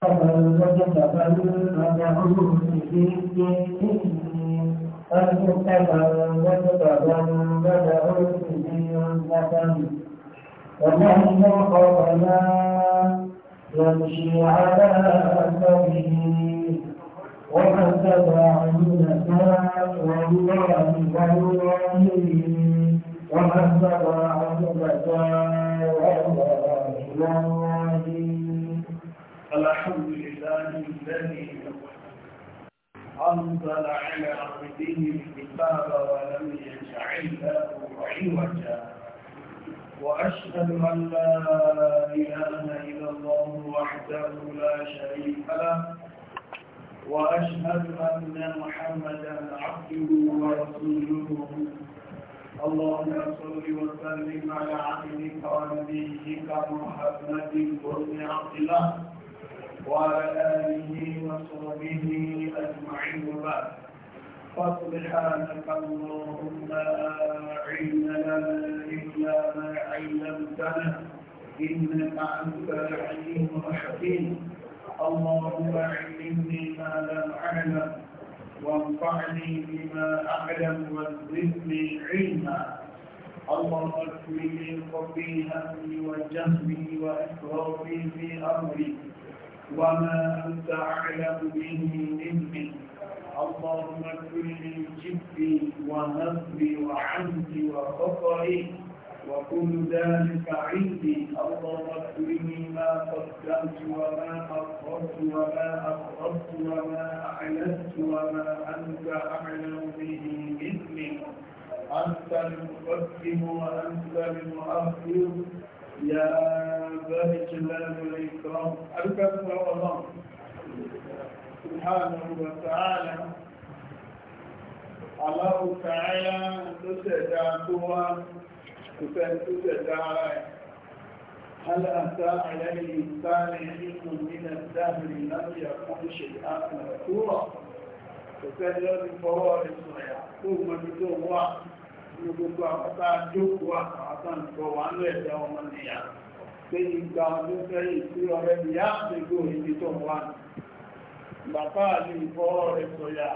فمن وجد فليدعوه بإذنه فمن وجد فليدعوه بإذنه ومن خاف لا يمشي على أثره ومن تبع النساء والله والله ومن تبع النساء والله الحمد لله الذي أنزل على عبده الكتاب ولم يجعل له عوجا وأشهد أن لا إله إلا الله وحده لا شريك له وأشهد أن محمدا عبده ورسوله اللهم صل وسلم على عبدك ونبيك محمد بن عبد الله وعلى آله وصحبه أجمعين وبعد فسبحانك اللهم لا علم لنا إلا ما علمتنا إنك أنت العليم الحكيم اللهم علمني ما لم أعلم وانفعني بما أعلم وزدني علما اللهم اغفر لي خطيئتي وجهلي وإسرافي في أمري وما أنت أعلم به مني اللهم اغفر لي جبي ونصبي وعمدي وخطئي وكل ذلك عندي اللهم اغفر ما قدمت وما أخرت وما أخرت وما أعلنت وما أنت أعلم به مني أنت المقدم وأنت المؤخر يا ذا الجلال والإكرام الكفر والله سبحانه وتعالى الله تعالى تسدع قوة تسدع هل أتى على الإنسان حين من الدهر لم يكن شيئا مذكورا فكان يوم فوارس ويعقوب من واحد gbogbo àpáta jókòó àtàwátà nǹkan wà ń ọmọ nìyà pé ìgbà ọdún sẹ́yìn sí ọ̀rẹ́ ni á ti gbò ibi tó wà bàbá àti ìfọwọ́ rẹ̀ sọ̀yà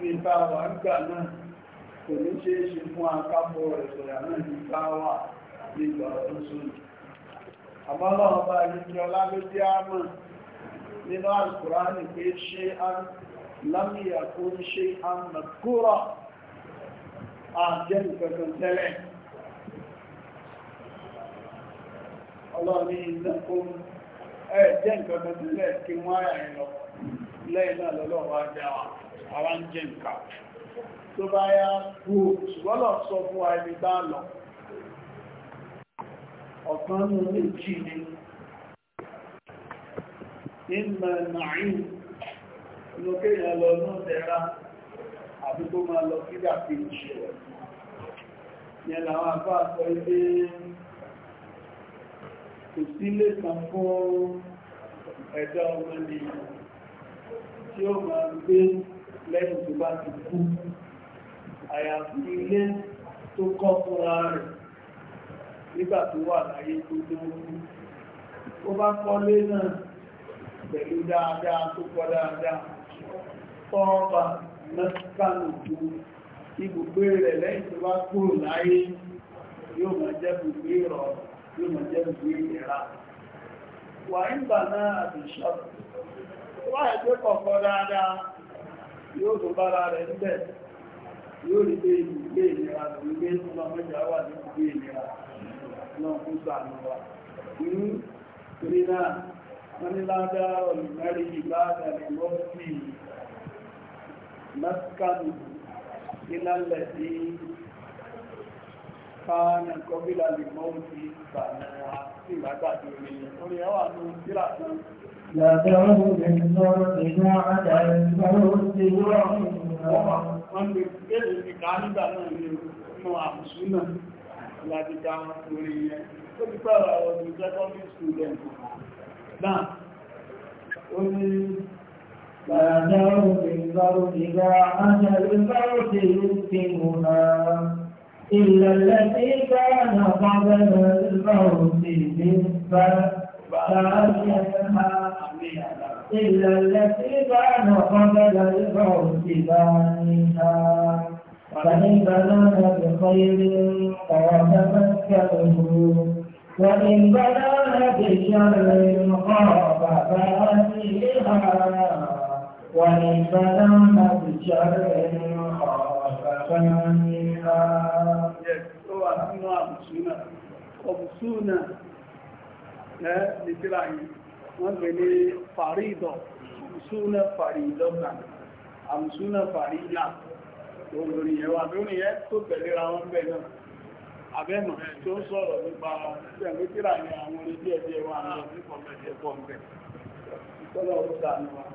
ní bá wà ń náà kò ní ṣe é ṣe fún akápọ̀ rẹ̀ sọ̀yà náà ní wà ní ìgbà ọdún ọba ìrìnjọ nínú ṣe lámìyà kó àjẹ́mù kankan tẹ́lẹ̀ ọlọ́ni ìlẹ́kùn ẹ̀ẹ́jẹ́ nǹkan tẹ́lẹ̀ kí wọ́n rẹ̀ lọ lẹ́yìn náà lọ́lọ́wọ́ ajá àwọn jẹ́ nǹkan tó bá yá kú ṣùgbọ́n lọ sọ ní méjì kéèyàn lọ náà dẹ̀ra àbí máa lọ sígbà kejì rẹ̀ yẹn làwọn àbá sọ ilé kò sílé kan fún ẹ̀dá ọmọ nìyàn tí ó máa gbé lẹ́yìn tó bá ti kú àyàfi ilé tó kọ́ fúnra rẹ̀ nígbà tó wà láyé tó lóòrùn ó bá kọ́lé náà pẹ̀lú dáadáa tó kọ́ dáadáa tọ́ọ̀bà mẹ́sìkánù tó ibùgbé rẹ̀ lẹ́yìn tó bá kúrò láyé yóò máa jẹ́ ibùgbé rọ̀ yóò máa jẹ́ ibùgbé ìrà wà ń bà náà àbìṣọ́ wà ẹgbẹ́ kọ̀ọ̀kọ́ dáadáa yóò tó bára rẹ̀ níbẹ̀ yóò rí pé ibùgbé ìlera lórí pé tó máa mẹ́jà wà ní ibùgbé ìlera náà kó sàánú wa ní torí náà wọ́n ní ládàá ọ̀lùmẹ́rin ìbáàdà lè lọ́ọ́ sí mẹ́sìkánì إلى الذي كان قبل الموت فنعطي بعد يومين وليوا نسرعه لا تعرف من نور بعد الموت ومن بالكل كانت nínú àmùsùnà láti ká orí yẹn tó ti fẹ́ra ọdún secondary student náà ó ní كانوا من زوجها عن الموت يكتمها إلا التي كان قبل الموت نصفا فأشهدها إلا التي كان قبل الموت بانها فإن بنانا بخير فتمكنه وإن بنانا بشر خاف فأتيها ونبلا متجر خاف منها ọ̀bùsúnà ẹ́ ní tíra yìí wọ́n gbé ní fàrídọ̀ ọ̀bùsúnà fàrídọ̀gbà àmùsúnà fàrídà olórí ẹwà lórí ẹ́ tó tẹ̀lé ra wọn bẹ̀ náà abẹ́mọ̀ tó sọ̀rọ̀ nípa ẹ̀mí tíra ní àwọn orí díẹ̀díẹ̀ wà náà nípa ọ̀bẹ̀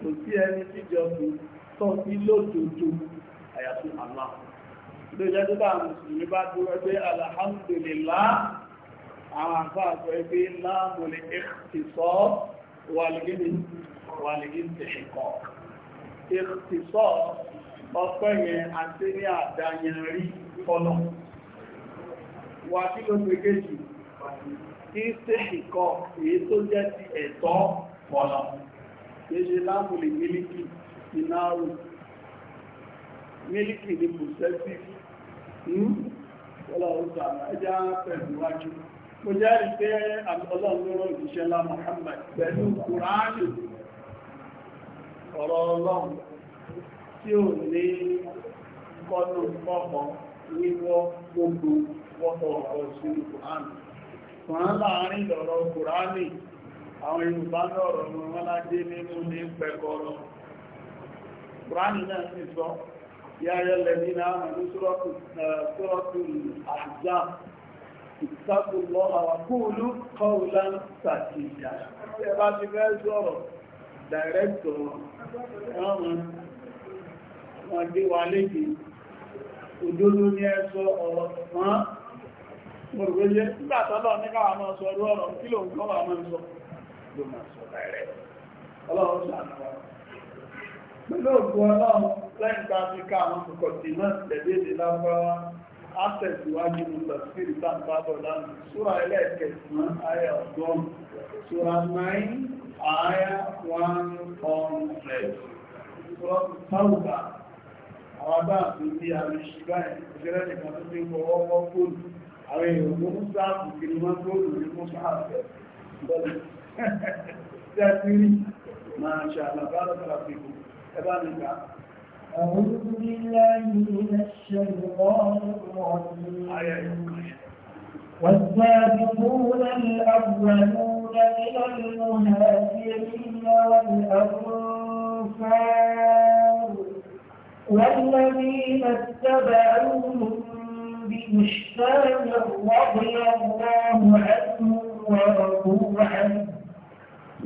kò sí ẹni tíjọ sí tó sí lójoojú àyàfi Allah ló jẹ́ tó bá mùsùlùmí bá dúró pé alhamdulillah àwọn àfáà sọ pé láàmù lè ìkìsọ́ wàlìgínì wàlìgínì tẹ̀ṣẹ̀kọ́ ìkìsọ́ ọpẹ́ yẹn àti ní àdáyẹnrí fọ́lọ̀ wà kí ló pé kéjì kí tẹ̀ṣẹ̀kọ́ èyí tó jẹ́ ti ẹ̀tọ́ fọ́lọ̀ kéṣe láàmùlè mílíkì ìnáàrù mílíkì ní possessive hmm? ọlọ́ọ̀ta ẹjá pẹ̀lúwájú mo jẹ́ ìpé àtọ́lọ́lọ́rọ̀ ìṣẹ́lá Muhammad pẹ̀lú kùránì ọ̀rọ̀ ọlọ́run tí ò ní kọ́nù pọ̀pọ̀ wíwọ́ gbogbo wọ́pọ̀ ọ̀rọ̀ sínú kùránì kùránì kùránì àwọn Yorùbá lọ́rọ̀ mú wọ́n lágbé nínú ní pẹ̀kọ́rọ̀ Kùránì náà sì sọ yáyẹ lẹ́bí náà mọ̀ ní sọ́rọ̀tù àjá ìtàkùnlọ́ àwàkúùlú kọ́ùlá sàkìyà ẹ bá ti fẹ́ sọ̀rọ̀ dàrẹ́tọ̀ wọn gbé wa léde òdodo ní ẹ̀sọ́ ọ̀rọ̀ wọn mọ̀rọ̀gbẹ́yẹ nígbàtọ́lọ́ ní káwà máa sọ ọ̀rọ̀ kí ló ń kọ́ wà máa ló máa sọ rẹ̀ ọlọ́run sànà wa pẹ̀lú ògùn ọlọ́run lẹ́yìn tá a fi ká àwọn kòkò tì náà tẹ̀lé èdè lágbára á tẹ̀síwájú ní lọ́sírì sáńpábọ̀ lánàá súra ẹlẹ́ẹ̀kẹsàn-án àyà ọ̀gbọ́n súra 9 àyà 100 súra táwùbà àwọn bá àti bí àwọn ìṣìbá ẹ̀ ìṣẹ́lẹ̀ nìkan tó ti ń fọwọ́ wọ́ fóònù àwọn èèyàn tó ń sáàbù kiri mọ́ fóònù ní mọ́ sáàbù تأثيري ما شاء الله بارك الله فيكم كذلك أعوذ بالله من الشيطان الرجيم آية والسابقون الأولون من المهاجرين والأنصار والذين اتبعوهم بإحسان رضي الله عنهم ورضوا عنه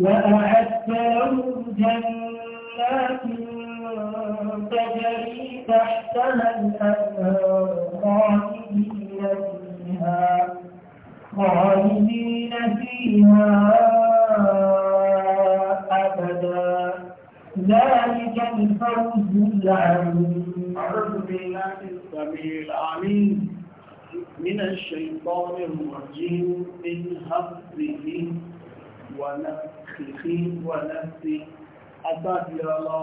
وأعدت لهم جنات تجري تحتها الأنهار خالدين فيها خالدين فيها أبدا ذلك الفوز العظيم أعوذ بالله السميع العليم من الشيطان الرجيم من همزه ونفسه kìkì wà láti agbábi ọlọ́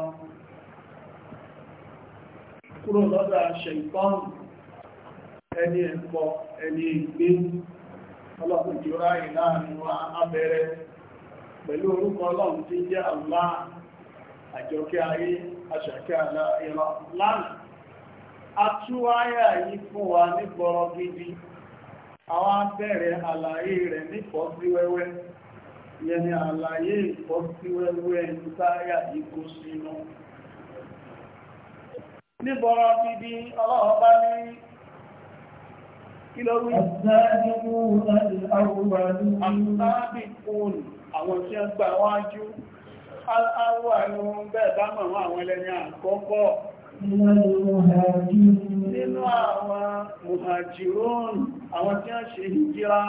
kúrò lọ́dọ̀ àṣẹ ìbọn ẹni ẹ̀kọ́ ẹni ìgbé ọlọ́pùn jù ráyì láàrin wa abẹ́rẹ́ pẹ̀lú orúkọ ọlọ́run tí jẹ́ àlá àjọkẹ́ ayé aṣàkẹ́ àlá ìrọ̀ lánàá a tú ayà yìí fún wa ní gidi àwọn abẹ́rẹ́ àlàyé rẹ̀ nípọ̀ sí wẹ́wẹ́ yẹni àlàyé ìfọ́síwẹ́wẹ́ ìsáyà ikú sínú níbọ̀rọ̀ bíbí ọlọ́ọ̀bá ní kí ló rí àwọn tí ó gbà wájú aláwọ̀ ẹnu bẹ́ẹ̀ bá mọ̀ àwọn ẹlẹ́ni àkọ́kọ́ nínú àwọn mùhàjírún àwọn tí ó ṣe hìjírá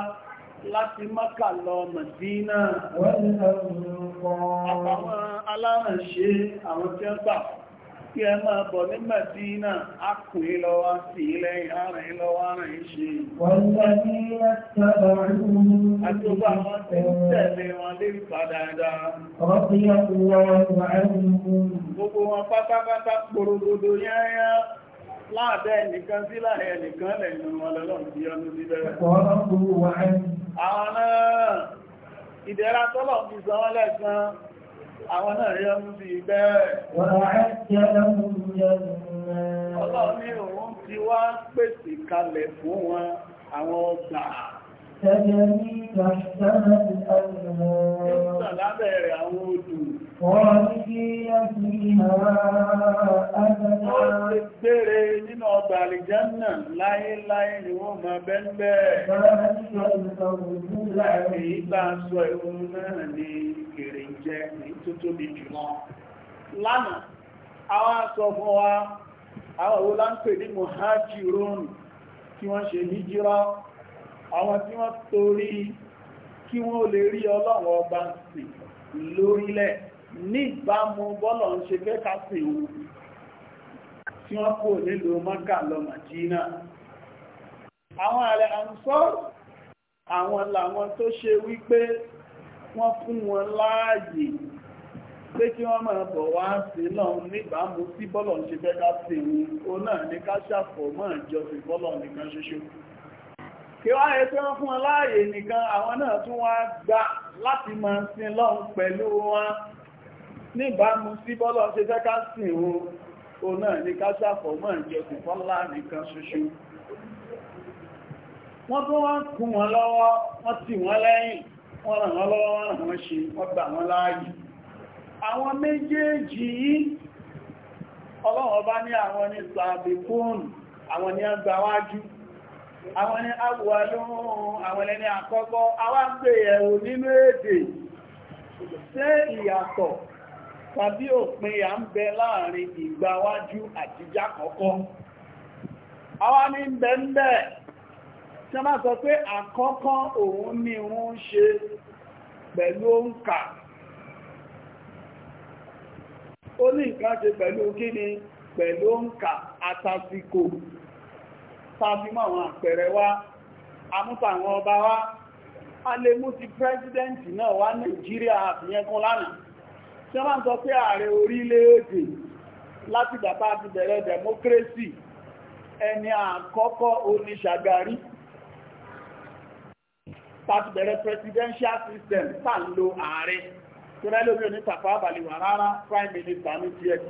láti Mákà lọ Mẹ̀dínà àwọn alárànṣe àwọn tí ó gbà kí ẹ máa bọ̀ ní Mẹ̀dínà á kù í lọ wá sí lẹ́yìn àárín lọ wá rìn ṣe àti ó bá wọn tí ó tẹ̀lé wọn lè padà láàdẹ́ ẹnìkan sí láàrin ẹnìkan lẹ́yìn wọn lọ́lọ́run bí ọdún sí bẹ̀rẹ̀. Àwọn náà ìdẹ̀ra tọ́lọ̀ fi sọ wọ́n lẹ́san àwọn náà rí ọdún sí bẹ̀rẹ̀. Ọlọ́run ní òun ti wá pèsè kalẹ̀ خالدين فيها أبدا Bẹ̀rẹ̀ nínú ọgbà àlìjánà láyéláyé náà ni Lánàá, àwọn sọ fún wa, àwọn òwò láńpè ní Mùhájírún kí wọ́n ṣe hìjírà, àwọn tí wọ́n torí kí wọ́n lè rí Ọlọ́run ọba sí lórílẹ̀. níbàámu bọ́lọ̀ ń ṣe fẹ́ ká sí wọn tí wọ́n kò nílò Mọ́kà lọ Màdínà àwọn ààrẹ àǹsọ́ àwọn làwọn tó ṣe wípé wọ́n fún wọn láàyè pé kí wọ́n máa bọ̀ wá sí náà níbàámu sí bọ́lọ̀ ń ṣe fẹ́ ká sí wọn ó náà ní ká ṣàfọ̀ mọ́ ìjọsìn bọ́lọ̀ nìkan ṣoṣo kí wá yẹ tí wọ́n fún wọn láàyè nìkan àwọn náà tún wá gbà láti máa sin lọ́hùn pẹ̀lú wọn níbàámu sí bọ́lọ̀ ṣe fẹ́ ká sìn o o náà ní ká ṣàfọ̀ mọ́ ìjọsìn fọ́lá nìkan ṣoṣo wọ́n tó wọ́n kún wọn lọ́wọ́ wọ́n tì wọ́n lẹ́yìn wọ́n ràn wọ́n lọ́wọ́ wọ́n ràn wọ́n ṣe wọ́n gbà wọ́n láàyè àwọn méjèèjì yìí ọlọ́wọ́ bá ní àwọn ní sàbìkún àwọn ní agbáwájú àwọn ní awùwàlóhun àwọn ẹni àkọ́kọ́ awágbé ẹ̀wò nínú èdè ṣé ìyàtọ̀ tàbí òpin à ń bẹ láàrin ìgbàwájú àtijá kọ́kọ́ àwa ní ń bẹ ń bẹ tí a máa sọ pé àkọ́kọ́ òun ni wọ́n ṣe pẹ̀lú òǹkà ó ní nǹkan ṣe pẹ̀lú kíni pẹ̀lú òǹkà àtàsìkò tàbímọ̀ àwọn àpẹẹrẹ wá amútàwọn ọba wá a mú tí wọ́n ń sọ pé ààrẹ orílẹ̀-èdè láti bàbá àti bẹ̀rẹ̀ democracy ẹni àkọ́kọ́ oníṣàgárí láti bẹ̀rẹ̀ presidential system tà ń lo ààrẹ tó rẹ́ lórí oní tàfà àbàlìwà rárá prime minister ní tiẹ̀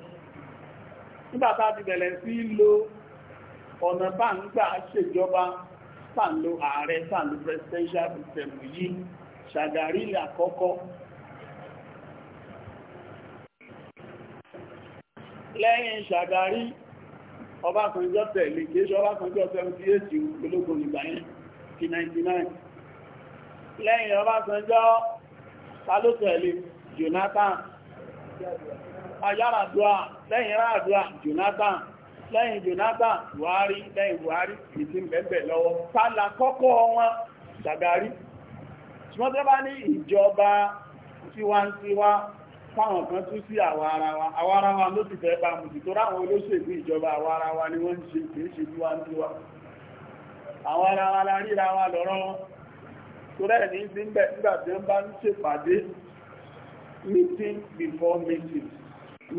nígbàtà ti bẹ̀rẹ̀ sí lo ọ̀nà bá ń gbà ṣèjọba tà ń lo ààrẹ tà ń lo presidential system yìí ṣàgárí àkọ́kọ́ lẹ́yìn ṣàgárí ọbákanjọ́ tẹ̀lé kìí ṣe ọbákanjọ́ 78 ológun ìgbà yẹn ti 99 lẹ́yìn ọbákanjọ́ talótẹ̀lé Jonathan ayáradúà lẹ́yìn ráàdúà Jonathan lẹ́yìn Jonathan Buhari lẹ́yìn Buhari ìtí bẹ̀bẹ̀ lọ́wọ́ tààlà kọ́kọ́ wọn ṣàgárí ṣùgbọ́n tẹ́ bá ní ìjọba tiwantiwa fáwọn kan tún sí àwa ara wa àwa ara wa ló ti fẹ́ bá mùsì tó ráwọn olóṣèlú ìjọba àwa ara wa ni wọ́n ń ṣe kìí ṣe bí wá ń bí wá àwọn ara wa la ríra wa lọ́rọ́ tó rẹ̀ ní sí bẹ̀ nígbà tí wọ́n bá ń ṣèpàdé meeting before meeting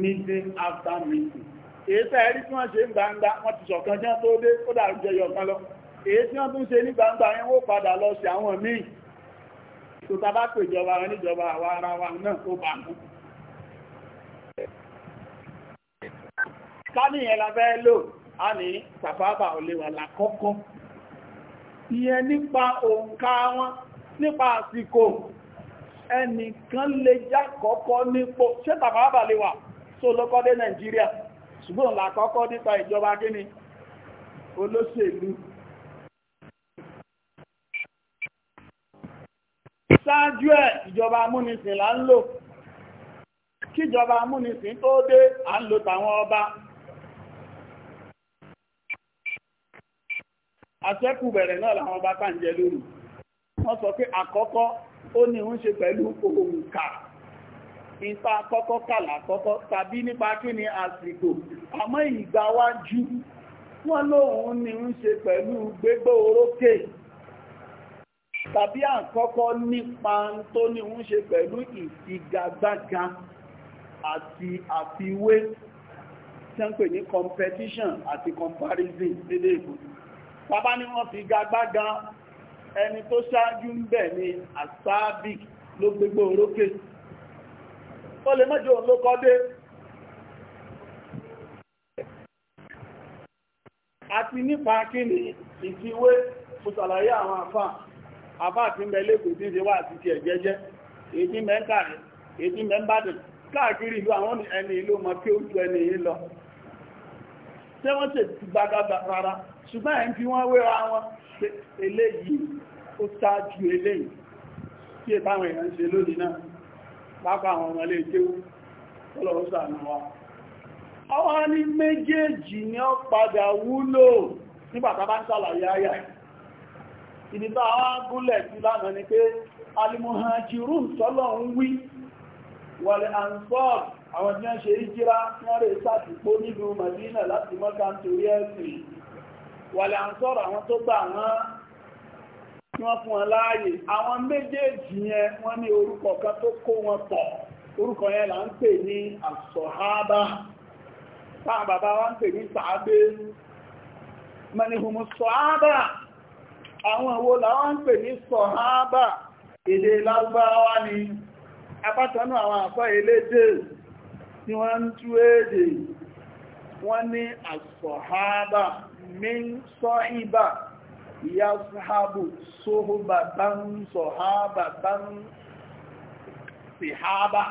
meeting after meeting èyí tẹ́ ẹ̀rí tí wọ́n ṣe ń gbangba wọ́n ti ṣọ̀kan jẹ́ tó dé ó dàrú jẹ yọ̀kan lọ èyí tí wọ́n tún ṣe ní gbangba yẹn wó padà lọ sí àwọn míì tó tabá pèjọba wọn níjọba àwa ara wa náà tó bá mú ká ní ìyẹn labẹ́ lò a ní sàfábà olèwà lákọ́kọ́ ìyẹn nípa òǹkà wọn nípa àsìkò ẹnìkan lè já kọ́kọ́ nípò ṣé sàfábà lè wà tó lọ́kọ́ dé Nàìjíríà ṣùgbọ́n làkọ́kọ́ nípa ìjọba gíní olóṣèlú ṣáájú ẹ̀ ìjọba amúnisìn là ń lò kíjọba amúnisìn tó dé à ń lò tàwọn ọba àṣẹ́kù bẹ̀rẹ̀ náà làwọn bá tà ń jẹ lórí wọ́n sọ pé àkọ́kọ́ ó ní ń ṣe pẹ̀lú òǹkà ìta kọ́kọ́ kàlà kọ́kọ́ tàbí nípa kí ni àsìkò àmọ́ ìgbàwájú wọ́n lóhun ní ń ṣe pẹ̀lú gbégbó orókè tàbí àkọ́kọ́ nípa tó ní ń ṣe pẹ̀lú ìfigagbága àti àfiwé tí ní competition àti comparison lédè ìbùdó bàbá ní wọ́n fi gagbága ẹni tó ṣáájú ń bẹ̀ ní asabic ló gbégbó orókè ó lè mọ́jọ òun ló kọ́ dé àti nípa kí ni ìfiwé mo ṣàlàyé àwọn àfà àfà àti mẹ́lẹ́ kò tí ń ṣe wá àti ti ẹ̀jẹ́jẹ́ èdè mẹ́ta rẹ̀ èdè mẹ́bàdàn káàkiri ìlú àwọn ẹni ìlú ọmọ kí ó ju ẹni yìí lọ tí wọ́n ṣe ti gbágbá rárá ṣùgbọ́n ẹ̀ ń fi wọ́n wéra wọn eléyìí ó ṣáájú eléyìí tí è báwọn èèyàn ṣe lónìí náà pápá àwọn ọmọ ilé ìkéwú tọ́lọ̀wọ́ wa àwọn ní méjèèjì ni ó padà wúlò nígbà bá ń sàlàyé ayà ìdí wá gúnlẹ̀ sí lánàá ni pé alimuhajirun tọ́lọ̀ ń wí wàlẹ̀ ansọ́ọ̀ àwọn tí wọ́n ṣe ìjírá tí wọ́n rè sàtìpó nílùú wàlẹ̀ à ń sọ̀rọ̀ àwọn tó gbà wọ́n tí wọ́n fún wọn láàyè àwọn méjèèjì yẹn wọ́n ní orúkọ kan tó kó wọn pọ̀ orúkọ yẹn là ń pè ní àsọ̀hábà táwọn bàbá wa ń pè ní sàábé mẹ́nihùmù sọ̀hábà àwọn ìwo làwọn ń pè ní sọ̀hábà èdè lágbáwá ni apátanú àwọn àfá elédè tí wọ́n ń tú èdè wọ́n ní àsọ̀hábà min sọ́ìbà ìyá sọ́hábù sóhùbà bá ń sọ̀hábà bá ń sìhábà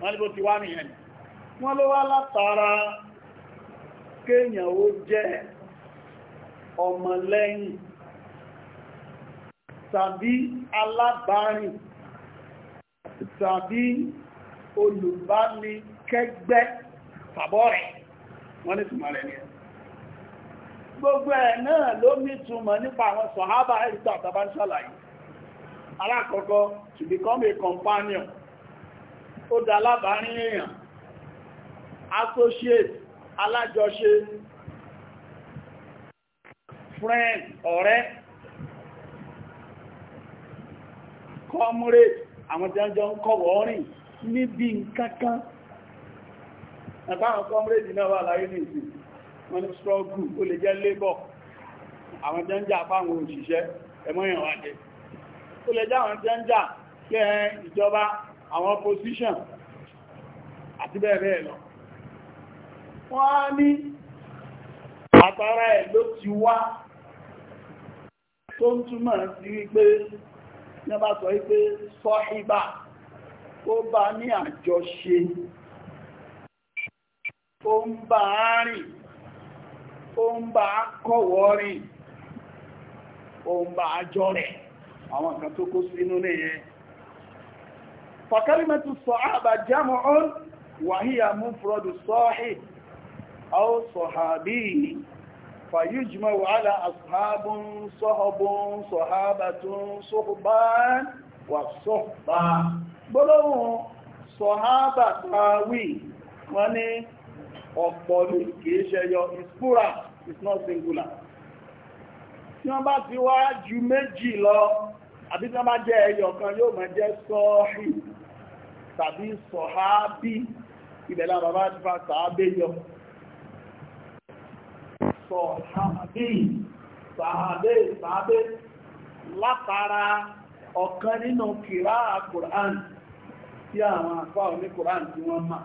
wọ́n níbo ti wá nìyẹn wọ́n ló wá látara kéèyàn ó jẹ́ ọmọlẹ́yìn tàbí alábárìn tàbí olùbánikẹ́gbẹ́ tàbọ́rẹ̀ wọ́n ní tùmọ̀ rẹ̀ nìyẹn gbogbo ẹ̀ náà ló ní túmọ̀ nípa àwọn sọ̀hábà ẹ̀rìtà àtàbá ń ṣàlàyé alákọ̀ọ́kọ́ to become a companion ó dá alábàárín èèyàn associate alájọṣe friend ọ̀rẹ́ comrade àwọn tí wọ́n jọ ń kọ̀wọ̀ rìn níbi nǹkan ẹ̀bá àwọn comrade náà wà láyé ní ìsìn wọ́n ní struggle ó lè jẹ́ labour àwọn jẹ́ ń jà fáwọn òṣìṣẹ́ ẹmọ́yàn wà jẹ́ ó lè jẹ́ àwọn jẹ́ ń jà kẹ́ ìjọba àwọn opposition àti bẹ́ẹ̀ bẹ́ẹ̀ lọ wọ́n á ní àtàrà ẹ̀ ló ti wá tó ń túmọ̀ sí wípé ní ọba sọ wípé sọ́híbà ó bá ní àjọṣe ó ń bá rìn ó ń bá kọ̀wọ́ rẹ̀ àwọn kan tó kó sínú nìyẹn fàkálímẹ́tù sọ àbà jámọ́ ọ́n wàhíyà mú fúrọ́dù sọ́ọ̀hì aw sọ̀hábí fàyíjùmọ̀ wàhálà asùhábùn sọ́họ̀bùn sọ̀hábàtún sọ́hùbán wà ọ̀pọ̀ ni kìí ṣẹyọ is plural is not singular tí wọ́n bá ti wá ju méjì lọ àbí tí wọ́n bá jẹ́ ẹyọ kan yóò máa jẹ́ sọ́ọ̀hì tàbí sọ̀háábí ibẹ̀ lára bàbá ti fa sàábé yọ sọ̀háábí sàábé sàábé látara ọ̀kan nínú kìrá Kùránì tí àwọn àfáà oní Kùránì tí wọ́n máa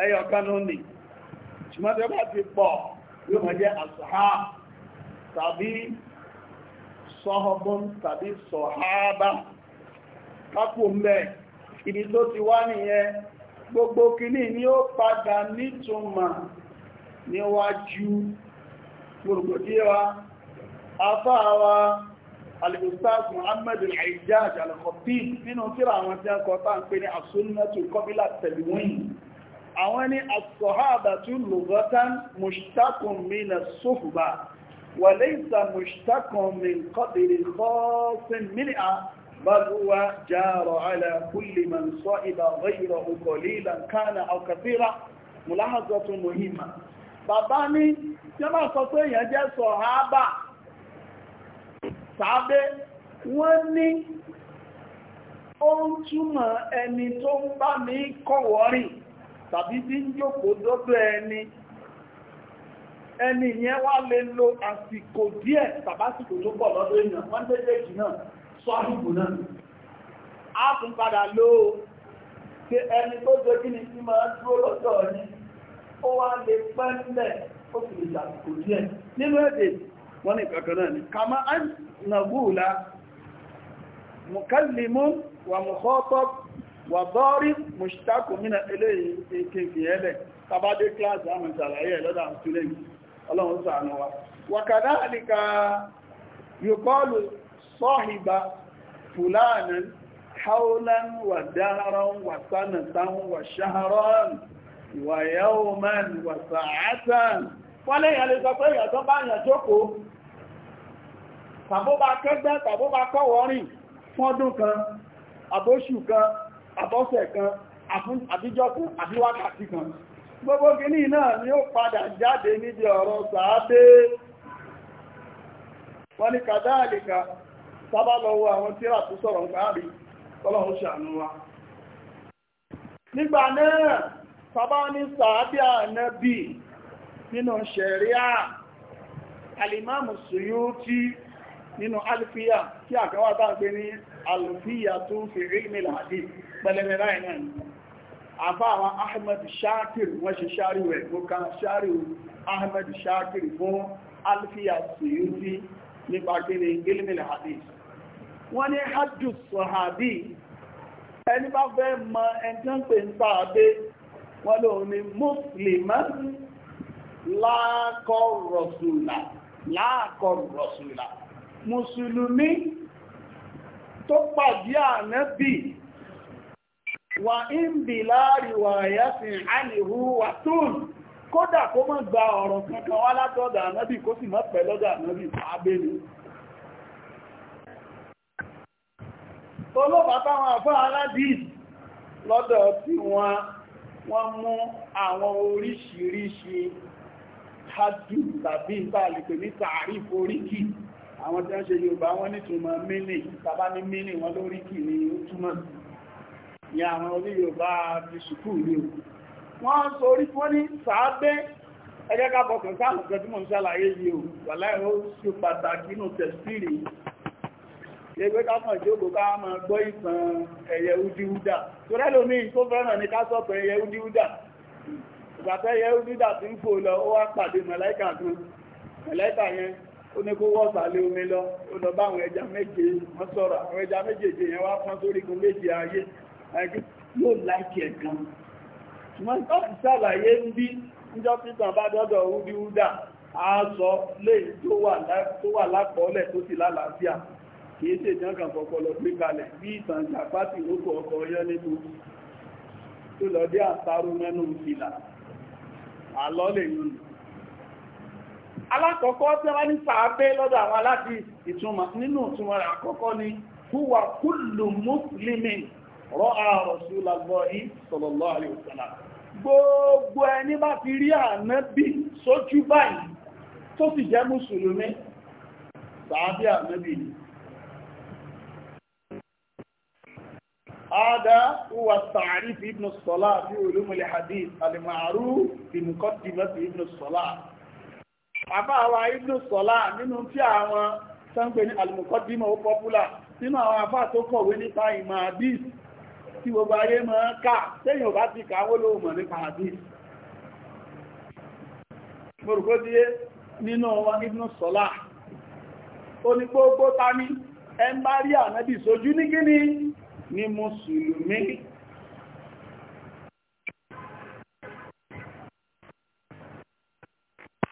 ẹyọkan ló ní ṣùgbọ́n tí ó bá ti pọ̀ yóò máa jẹ́ àṣàhá tàbí sọ́họ́bọ́n tàbí sọ̀háábá kápò mẹ́ ibi tó ti wá nìyẹn gbogbo kìíní ni ó padà nítumọ̀ níwájú gbogbogbòdíwa afáwa al-Ustaz al-Hajjaj al-Khatib nínú tíra àwọn tí a kọta ń pè ní as-sunnah qabla àwọn ní as-sahabatu lughatan mushtaqun min as-suhba wa laysa mushtaqun min qadri khassin minha بل هو جار على كل من صائب غيره قليلا كان أو كثيرا ملاحظة مهمة bàbá ní tí wọ́n sọ pé èèyàn jẹ́ sọ̀háábà sàábé wọ́n tàbí tí ń jókòó dọ́dọ̀ ẹni ẹni yẹn wá lè lo àsìkò díẹ̀ tàbásìkò tó pọ̀ lọ́dọ̀ èèyàn wọ́n méjèèjì náà sọ́dúnkù náà á tún padà lò ó ẹni tó jẹ́ kí ni tí máa dúró lọ́dọ̀ ni ó wá lè pẹ́ ó sì lè jàsìkò díẹ̀ nínú èdè wọ́n ní kankan náà ni kàmá ẹ̀ nàgbùlà mùkálìmù wà mùkọ́tọ́pù wàbọ́rí mùsítákù mínà eléyìí èkéèkì ẹlẹ̀ tàbádé kíláàsì àwọn ìsàlàyé lọ́dà student ọlọ́run ṣàánú wa wàkàdá àdìkà yùkọ́lù sọ́hìbà fùlànà haulan wà dáhàrán wà sánàtán wà wa wà yawman àtọ́sẹ̀ kan àbíjọ́ kan àbí kan gbogbo kìíní náà ni ó padà jáde níbi ọ̀rọ̀ sàábé wọ́n ní kàdá àlèkà sábà lọ́wọ́ àwọn tíra tó sọ̀rọ̀ nǹkan tọ́lọ́run ṣàánú wa nígbà náà sábà ní sàábé ànábì nínú ṣẹ̀ríà alìmáàmù Suyuti nínú alfíà tí àkọwà tàbí ní alfíà tó fi rí nílà àdìsí pẹlẹmẹ láì náà àfá àwọn Ahmed Shakir wọ́n ṣe ṣáríwò ẹ̀gbọ́ká ṣáríwò Ahmed Shakir fún alfiya Suyuti nípa kíni ilmi hadith wọ́n ní hajjú sahabi ẹni bá fẹ́ mọ ẹjọ́ pé ń bá abé wọ́n lóun ni musliman tó pàdé ànábì wà ń bì láàrin wà ẹ̀yẹ́sìn àìníhú wà tóun kódà kó mọ́ gba ọ̀rọ̀ kankan wá látọ̀dà ànábì kó sì mọ́ pẹ̀ lọ́dà ànábì abẹ́ni olóòpàá táwọn àfọ́ aládìs lọ́dọ̀ tí wọ́n wọ́n mú àwọn oríṣiríṣi hajjú tàbí ìtàlìpẹ̀ ní tààrí foríkì àwọn tí wọ́n ṣe Yorùbá wọ́n nítumọ̀ mínì tàbá ní mínì wọ́n lóríkì ní ó túmọ̀ sí ni àwọn oníyòbá fi ṣùkú rí o wọ́n sọ orí fún ní sàábé ẹgẹ́ kábọ̀kàn sáàmù kan tí mo ń ṣàlàyé yìí o wà láìró sí pàtàkì inú tẹ̀sírì ẹgbẹ́ káfàn ìjókòó ká máa gbọ́ ìtàn ẹ̀yẹ udiuda tó rẹ́ lómi tó fẹ́ràn ní ká sọ̀tàn ẹ̀yẹ udiuda ìgbàtẹ́ ẹ̀yẹ udiuda ti ń fò lọ ó wá pàdé mọ̀láìkà kan mọ̀láìkà yẹn ó ní kó wọ́sàlẹ̀ omi lọ ó lọ bá àwọn ẹja méje wọ́n sọ̀rọ̀ àwọn ẹja méjèèjì yẹn wá pọ́n sórí gun méje ayé ẹgbẹ́ yóò láìkì ẹ̀ gan ṣùgbọ́n tó ti sàlàyé ń bí níjọ́ pítà bá dọ́dọ̀ wúdí wúdà aṣọ lè tó wà lápọ̀ọ́lẹ̀ tó sì lálàáfíà kìí ṣe ìjọ́nkà fọ́pọ̀lọ pé kalẹ̀ bí ìtàn jàpátì lókò ọkọ̀ ọyọ́ nínú tó lọ dé àtàrú mẹ́nu ìfìlà àlọ́lẹ̀ yìí alákọ̀ọ́kọ́ tí wọ́n ní sàábé lọ́dọ̀ àwọn aláti ìtumọ̀ nínú ìtumọ̀ rẹ̀ àkọ́kọ́ ni huwa kullu muslimin rọ́à Rasulullahi sallallahu alaihi wasallam gbogbo ẹni bá ti rí ànábì sójú báyìí tó sì jẹ́ mùsùlùmí sàábí ànábì ni هذا هو التعريف ابن الصلاة في علوم الحديث المعروف في مقدمة ابن الصلاة àbá àwa ibnu sọlá nínú tí àwọn sánpẹ̀ ní alìmọ̀kọ́dímọ̀ ó pọ́pùlà sínú àwọn àfáà tó kọ̀wé nípa ìmọ̀ àdíìsì tí gbogbo ayé mọ́ ká tẹ́yìn ò bá ti ká wó lóò mọ̀ nípa hadith mọ̀rùkó tí é nínú wọn ibnu sọ́lá onígbógbó tání ẹmbárí ànábì sójú ní gíní ní mùsùlùmí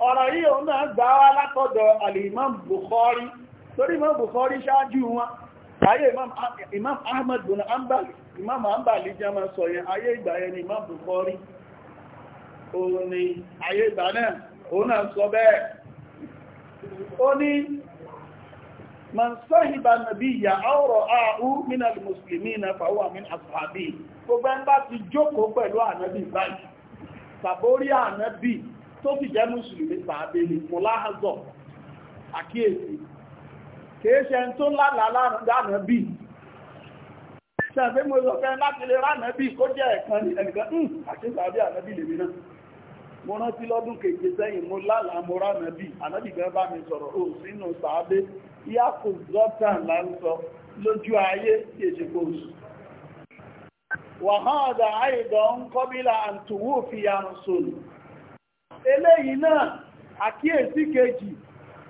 ọ̀rọ̀ yìí òun náà gbá wá látọ̀dọ̀ al-Imam Bukhari torí Imam Bukhari ṣáájú wọn ayé imam ahmad bin ambali imam ambali jẹ́ máa sọ yẹn ayé ìgbà yẹn ni imam bukhari ó ní ayé ìgbà náà ó náà sọ bẹ́ẹ̀ ó ní man sahiba nabiyya aw ra'ahu min al-muslimina fa huwa min ashabi gbogbo ẹn bá ti jókòó pẹ̀lú ànábì báyìí tàbórí ànábì tó fi jẹ́ mùsùlùmí tàbí ní àkíyèsí kìí ṣe tó lálàá lánàá bí ṣàfẹ́ mo sọ fẹ́ láti lè ránà bí kó jẹ́ ẹ̀kan ní ẹnìkan ń hmm, àṣíṣàbí ànábì lèmi náà mo rántí lọ́dún keje sẹ́yìn mo lálàá mo ránà bí ànábì gan bá mi sọ̀rọ̀ ó sínú sàábé yàkó zọ́tàn là ń sọ lójú ayé àìdọ̀ ń kọ́bílà kejì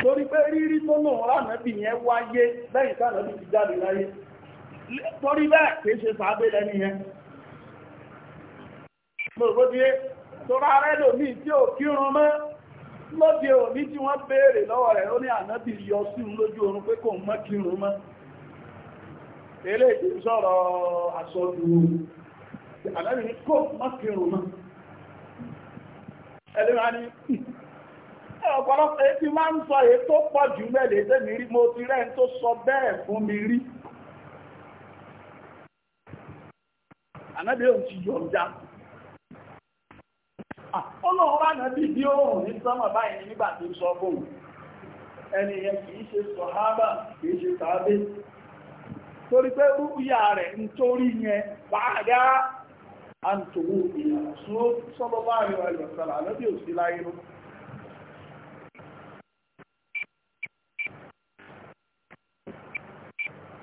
torí pé rírí tó náà ránàbì yẹn wáyé lẹ́yìn tánàbì ti jáde láyé torí bẹ́ẹ̀ kìí ṣe sàábé lẹ́ni yẹn gbogbo díẹ̀ tó rá rẹ̀ lòmí tí ò kírun mọ́ lóde òní tí wọ́n béèrè lọ́wọ́ rẹ̀ ó ní ànábì yọ sí un lójú oorun pé kò mọ́ kírun mọ́ eré èdè sọ̀rọ̀ àsọdù ànábì ní kò mọ́ kírun mọ́ ọ̀pọ̀lọpọ̀ èyí máa ń sọ èyí tó pọ̀ jù mẹ́lẹ̀ tẹ́mi rí mo ti rẹ́ tó sọ bẹ́ẹ̀ fún mi rí ànábì òun ti yọ̀ǹda ọlọ́run bá nà bí bí òun ní sọ́mọ̀ báyìí nígbà tó sọ fóun ẹni yẹn kì í ṣe kì í ṣe torí pé rẹ̀ yẹn pàdá àríwá òsì láyé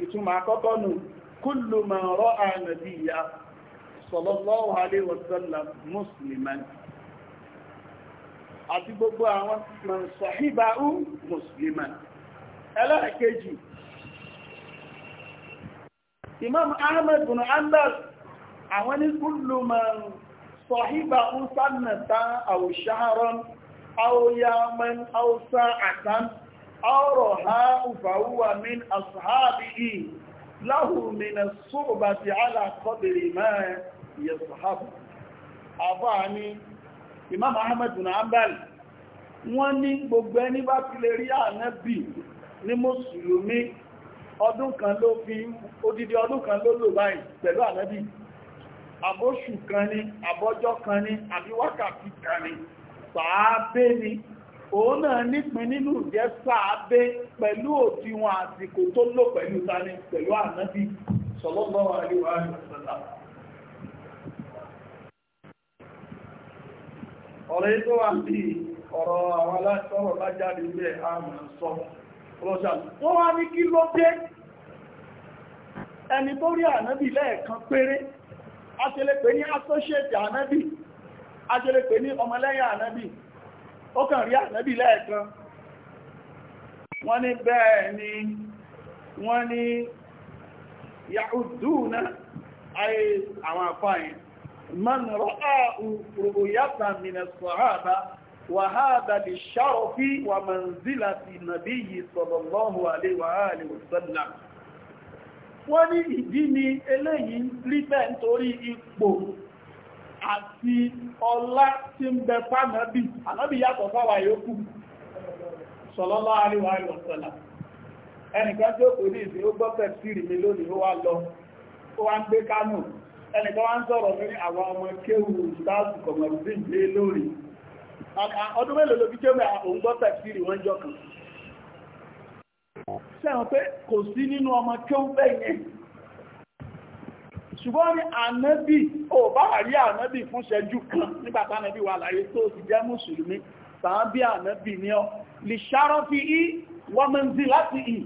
ìtumọ̀ àkọ́kọ́ nù kúlù mọ̀ rọ́ ànàbí ìyá sallallahu alaihi wasallam musliman àti gbogbo àwọn man sahibahu musliman ẹlẹ́ẹ̀kejì imam ahmed bin ambas àwọn ní kúlù mọ̀ sahibahu sannatan aw shahran aw yawman aw sa'atan ọrọ̀ ha ufàwúwà min ashabihi láhù min as-suhbati ala qadri ma yashabu àfáà ní Imam Ahmad na Hanbal wọ́n ní gbogbo ẹni bá ti lè rí ànábì ní kan ló fi odidi ọdún kan ló lò báyìí pẹ̀lú àbóṣù kan ni àbọ́jọ́ kan ni àbí kan ni ni òun náà ninu nínú ìjẹ́ sáábé pẹ̀lú òdiwọ̀n àsìkò tó lò pẹ̀lú tani pẹ̀lú ànábì sallallahu alaihi wa sallam. tó wà ní ọ̀rọ̀ àwọn aláṣọ́rọ̀ bá jáde ilé àmà wọ́n wá ní kí ló dé ẹni ó kàn rí ànábì lẹ́ẹ̀kan wọ́n ní bẹ́ẹ̀ ni wọ́n ní yàúdúnà ayé àwọn àfáyìn man ra'áhù ròyàtà mìnà sọ̀hábà wà hádà lè ṣàrọ̀fí wà manzílà ti nàbí yìí sọ̀lọ̀lọ́hù àléwàálè wàsánà àti ọlá tí ń bẹ fánàbí ànábì yàtọ̀ fáwà yókù sọ̀lọ́lọ́ àríwá ìwọ̀sọ̀lá ẹnìkan tí ó kò ní ìsìn ó gbọ́ mi lónìí lọ ó wá ń gbé kánò ẹnìkan wá ń sọ̀rọ̀ àwọn ọmọ kéwù ìbáàsì kọ̀mọ̀rùsí ọdún ṣùgbọ́n ní ànábì ò bá rí ànábì fún ṣẹ́jú kan nígbà tánábì wà láyé tó ti jẹ́ mùsùlùmí tàbí ànábì ní ọ lè ṣàrọ́fí í wọ́mọ́nsí láti ì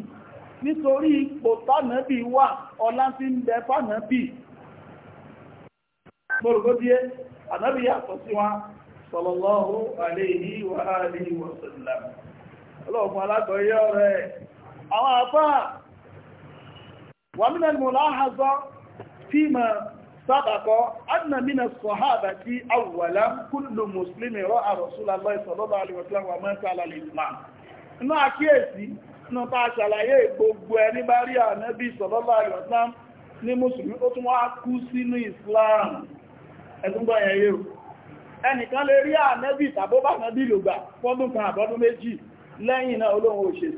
nítorí ipò tánábì wà ọlá tí ń bẹ fánábì gbọ́rọ̀gbọ́díé ànábì yàtọ̀ sí فيما سبق أن من الصحابة أولا كل مسلم رأى رسول الله صلى الله عليه وسلم ومات على الإسلام inú àkíyèsí inú ta ṣàlàyé gbogbo ẹni bá rí ànábì sallallahu alaihi ní mùsùlùmí lè rí lògbà fọ́dún kan àbọ́dún méjì lẹ́yìn náà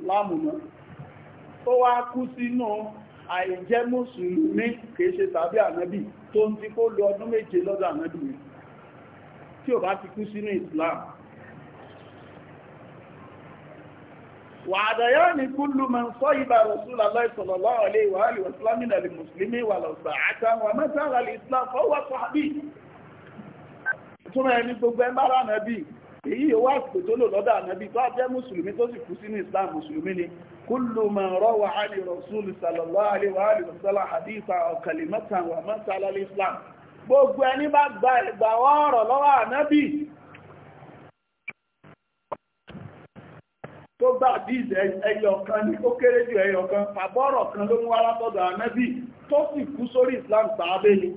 náà ó wá kú àìjẹ́ mùsùlùmí kìí ṣe tàbí ànábì tó ń ti kó lọ ọdún méje lọ́dọ̀ ànábì rẹ̀ tí ò bá ti kú sínú Islam wàdàyá ni kúlù mọ̀ sọ ìbà rọ̀súlà lọ́ìsọ̀lọ̀lọ́ ọ̀lẹ́ ìwàhálì wàsílámì nàlè mùsùlùmí wà lọ́sà àtàwọn mẹ́tàlá Islam fọwọ́ sàbí túnmọ̀ ẹni gbogbo ẹ bára ànábì كل ما روى عن الرسول صلى الله عليه وآله وسلم حديثا أو كلمة ومسا على الإسلام gbogbo ẹni bá gba ẹgbà ọ̀rọ̀ anabi. ànábì tó bá dìz ẹyọkan ní ó kéré jù ẹyọkan àbọ́rọ̀ kan ló mú wá látọ̀dọ̀ ànábì tó sì kú sórí Islam sàábé ni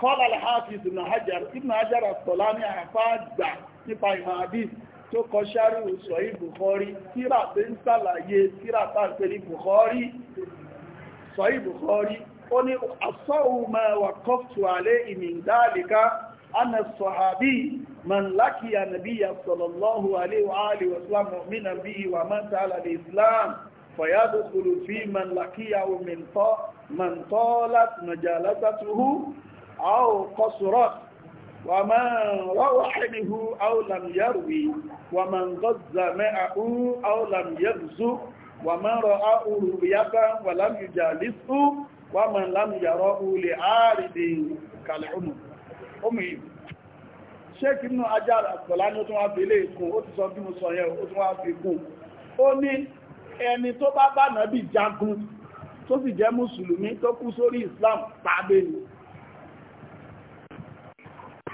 kọ́lá al-Hafiz ibn Hajar ibn Hajar as-Asqalani àfáàgbà nípa ìmọ̀ tó kọ ṣárí òṣọ̀ ìbùkọ́rí tíra tó ń sàlàyé tíra tàbí ìbùkọ́rí sọ ìbùkọ́rí ó ní asọ́hùmọ̀ wà kọ́fù alẹ́ ìmìndálìká ana sọ̀hábí man lákìyà nàbíyà sọ̀lọ̀lọ́hù alẹ́ àlè ومن روى عنه أو لم يروي ومن غز معه أو لم يغز ومن رآه رؤية ولم يجالسه ومن لم يراه لعارض كالعمر أمي Sheikh Ibn Hajar Al-Asqalani ó tún wá fi ilé ìkún ó ti sọ bí mo sọ yẹn ó tún wá fi kún ó ní ẹni tó bá bá nàbì jagun tó sì jẹ́ mùsùlùmí tó kú sórí Islam pàdé ni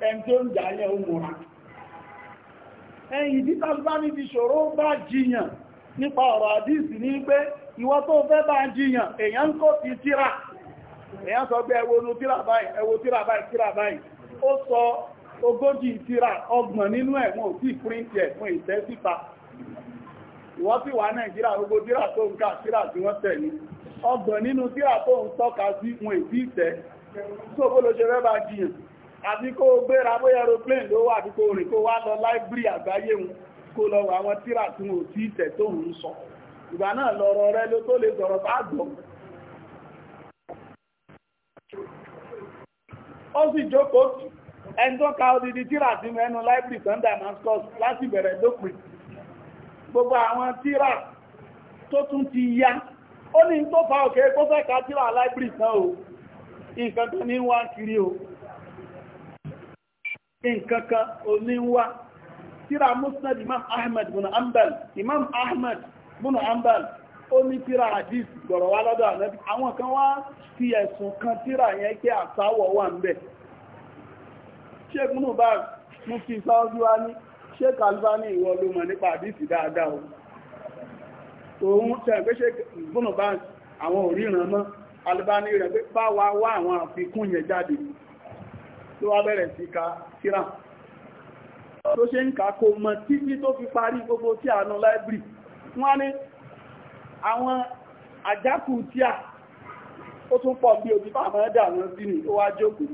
ẹni tó ń jàáyẹ òmùra ẹ̀yìn títà bá níbi ṣòro bá jiyàn nípa ọ̀rọ̀ àdíìsì ní pé ìwọ tó fẹ́ bá jiyàn èyàn kò ti tíra èyàn sọ pé ẹ wo tíra báyìí ẹ wo tíra báyìí tíra báyìí ó sọ ogójì tíra ọgbọ̀n nínú ẹ̀wọ̀n tí príntì ẹ̀fún ìtẹ́ síta ìwọ́n sì wà nàìjíríà gbogbo tíra tó ń ká tíra tí wọ́n tẹ̀ ní ọgbọ̀n nínú tíra tó ń tọ́ka sí wọn ìdí ìtẹ́ àbí kó o gbéra bóyá aeroplane ló wà bí kó o rìn kó o wá lọ láìbírì àgbáyé wọn kó lọ wọ àwọn tíra tí wọn ò tí ì tẹ̀ sọ ìgbà náà lọ́rọ̀ rẹ ló tó lè sọ̀rọ̀ bá gbọ́. ó sì jókòó tù ka odidi tíra sí mẹ́nu láìbírì tán Damascus láti bẹ̀rẹ̀ gbogbo àwọn tíra tó tún ti yá ó ní tó fa òkè ka tíra láìbírì o nǹkan tó ní wá o. nkankan oníwá tira musnad imam ahmed bin imam ahmed bin ambal ó hadith gbọ̀rọ̀ wá lọ́dọ̀ ànábì kan wá fi kan tira yẹn pé àsáwọ̀ wà ń bẹ̀ ṣe múnú bá fi sáwọ́jú wá ní ṣe kalvani ìwọ ló mọ̀ nípa hadith dáadáa o òun tẹ̀gbé ṣe múnú bá àwọn òríran mọ́ Albani rẹ̀ pé bá wa wá àwọn àfikún yẹn jáde tó bẹ̀rẹ̀ sí ka tíra tó ṣe ń kà kò mọ̀ títí tó fi parí gbogbo tí a nù láìbírì wọ́n ní àwọn àjákù tí a ó tún pọ̀ bí omi fàmọ́ dà wọ́n sí ni ó wá jókòó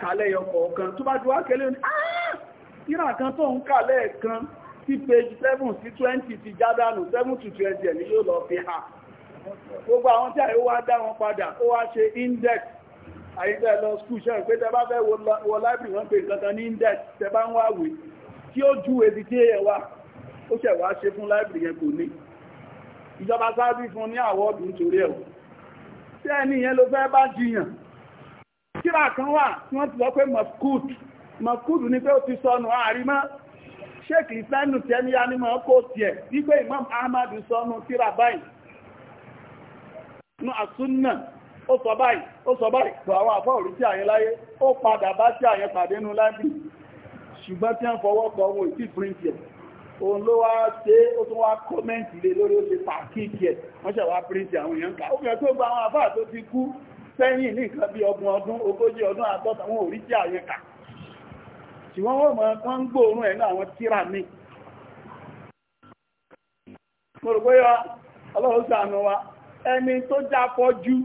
page 7 sí 20 ti jádánù 7 to 20 ẹ̀ ni yóò lọ fi hà gbogbo àwọn tí a yóò wá dá wọn padà ó wá ṣe index àyíkẹ́ lọ skúù ṣẹ́rùn pé tẹ bá fẹ́ wọ láìbì wọ́n pè kankan ní index tẹ bá ń wáwé tí ó ju èdè tí èyẹ wá ó ṣẹ̀ wá ṣe fún láìbì yẹn kò ní ìjọba sáábì fún ní àwọ́dù nítorí ẹ̀wọ̀ tí ẹni yẹn ló fẹ́ bá jiyàn kíra kan wà tí wọ́n ti sọ pé mafkut mafkut ni pé ó ti sọnù àrímọ́ ṣé kìrìsìtánù tẹ́níyá ní mọ́ kó tiẹ̀ wípé Imam Ahmad sọnù tíra báyìí ó sọ báyìí ó sọ báyìí pọ̀ àwọn àfọ́ òrí tí láyé ó padà bá sí àyẹn pàdé nú ṣùgbọ́n tí ń fọwọ́ kọ ohun ìtì print yẹn òun ló wá ṣe ó tún wá kọ́mẹ́ǹtì lé lórí ó ṣe pàkíkì ẹ̀ wọ́n ṣẹ̀ wá print àwọn èèyàn kà. ó fi àwọn ti kú sẹ́yìn ní nǹkan bí ọdún ogójì ọdún wọn kà ṣùgbọ́n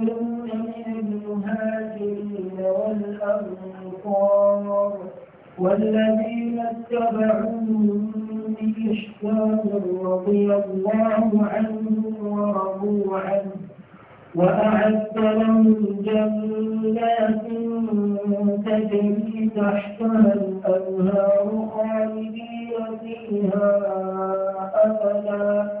الأولون من المهاجرين والأنصار والذين اتبعوهم بإحسان رضي الله عنهم ورضوا عنه وأعد لهم جنات تجري تحتها الأنهار خالدين فيها أبدا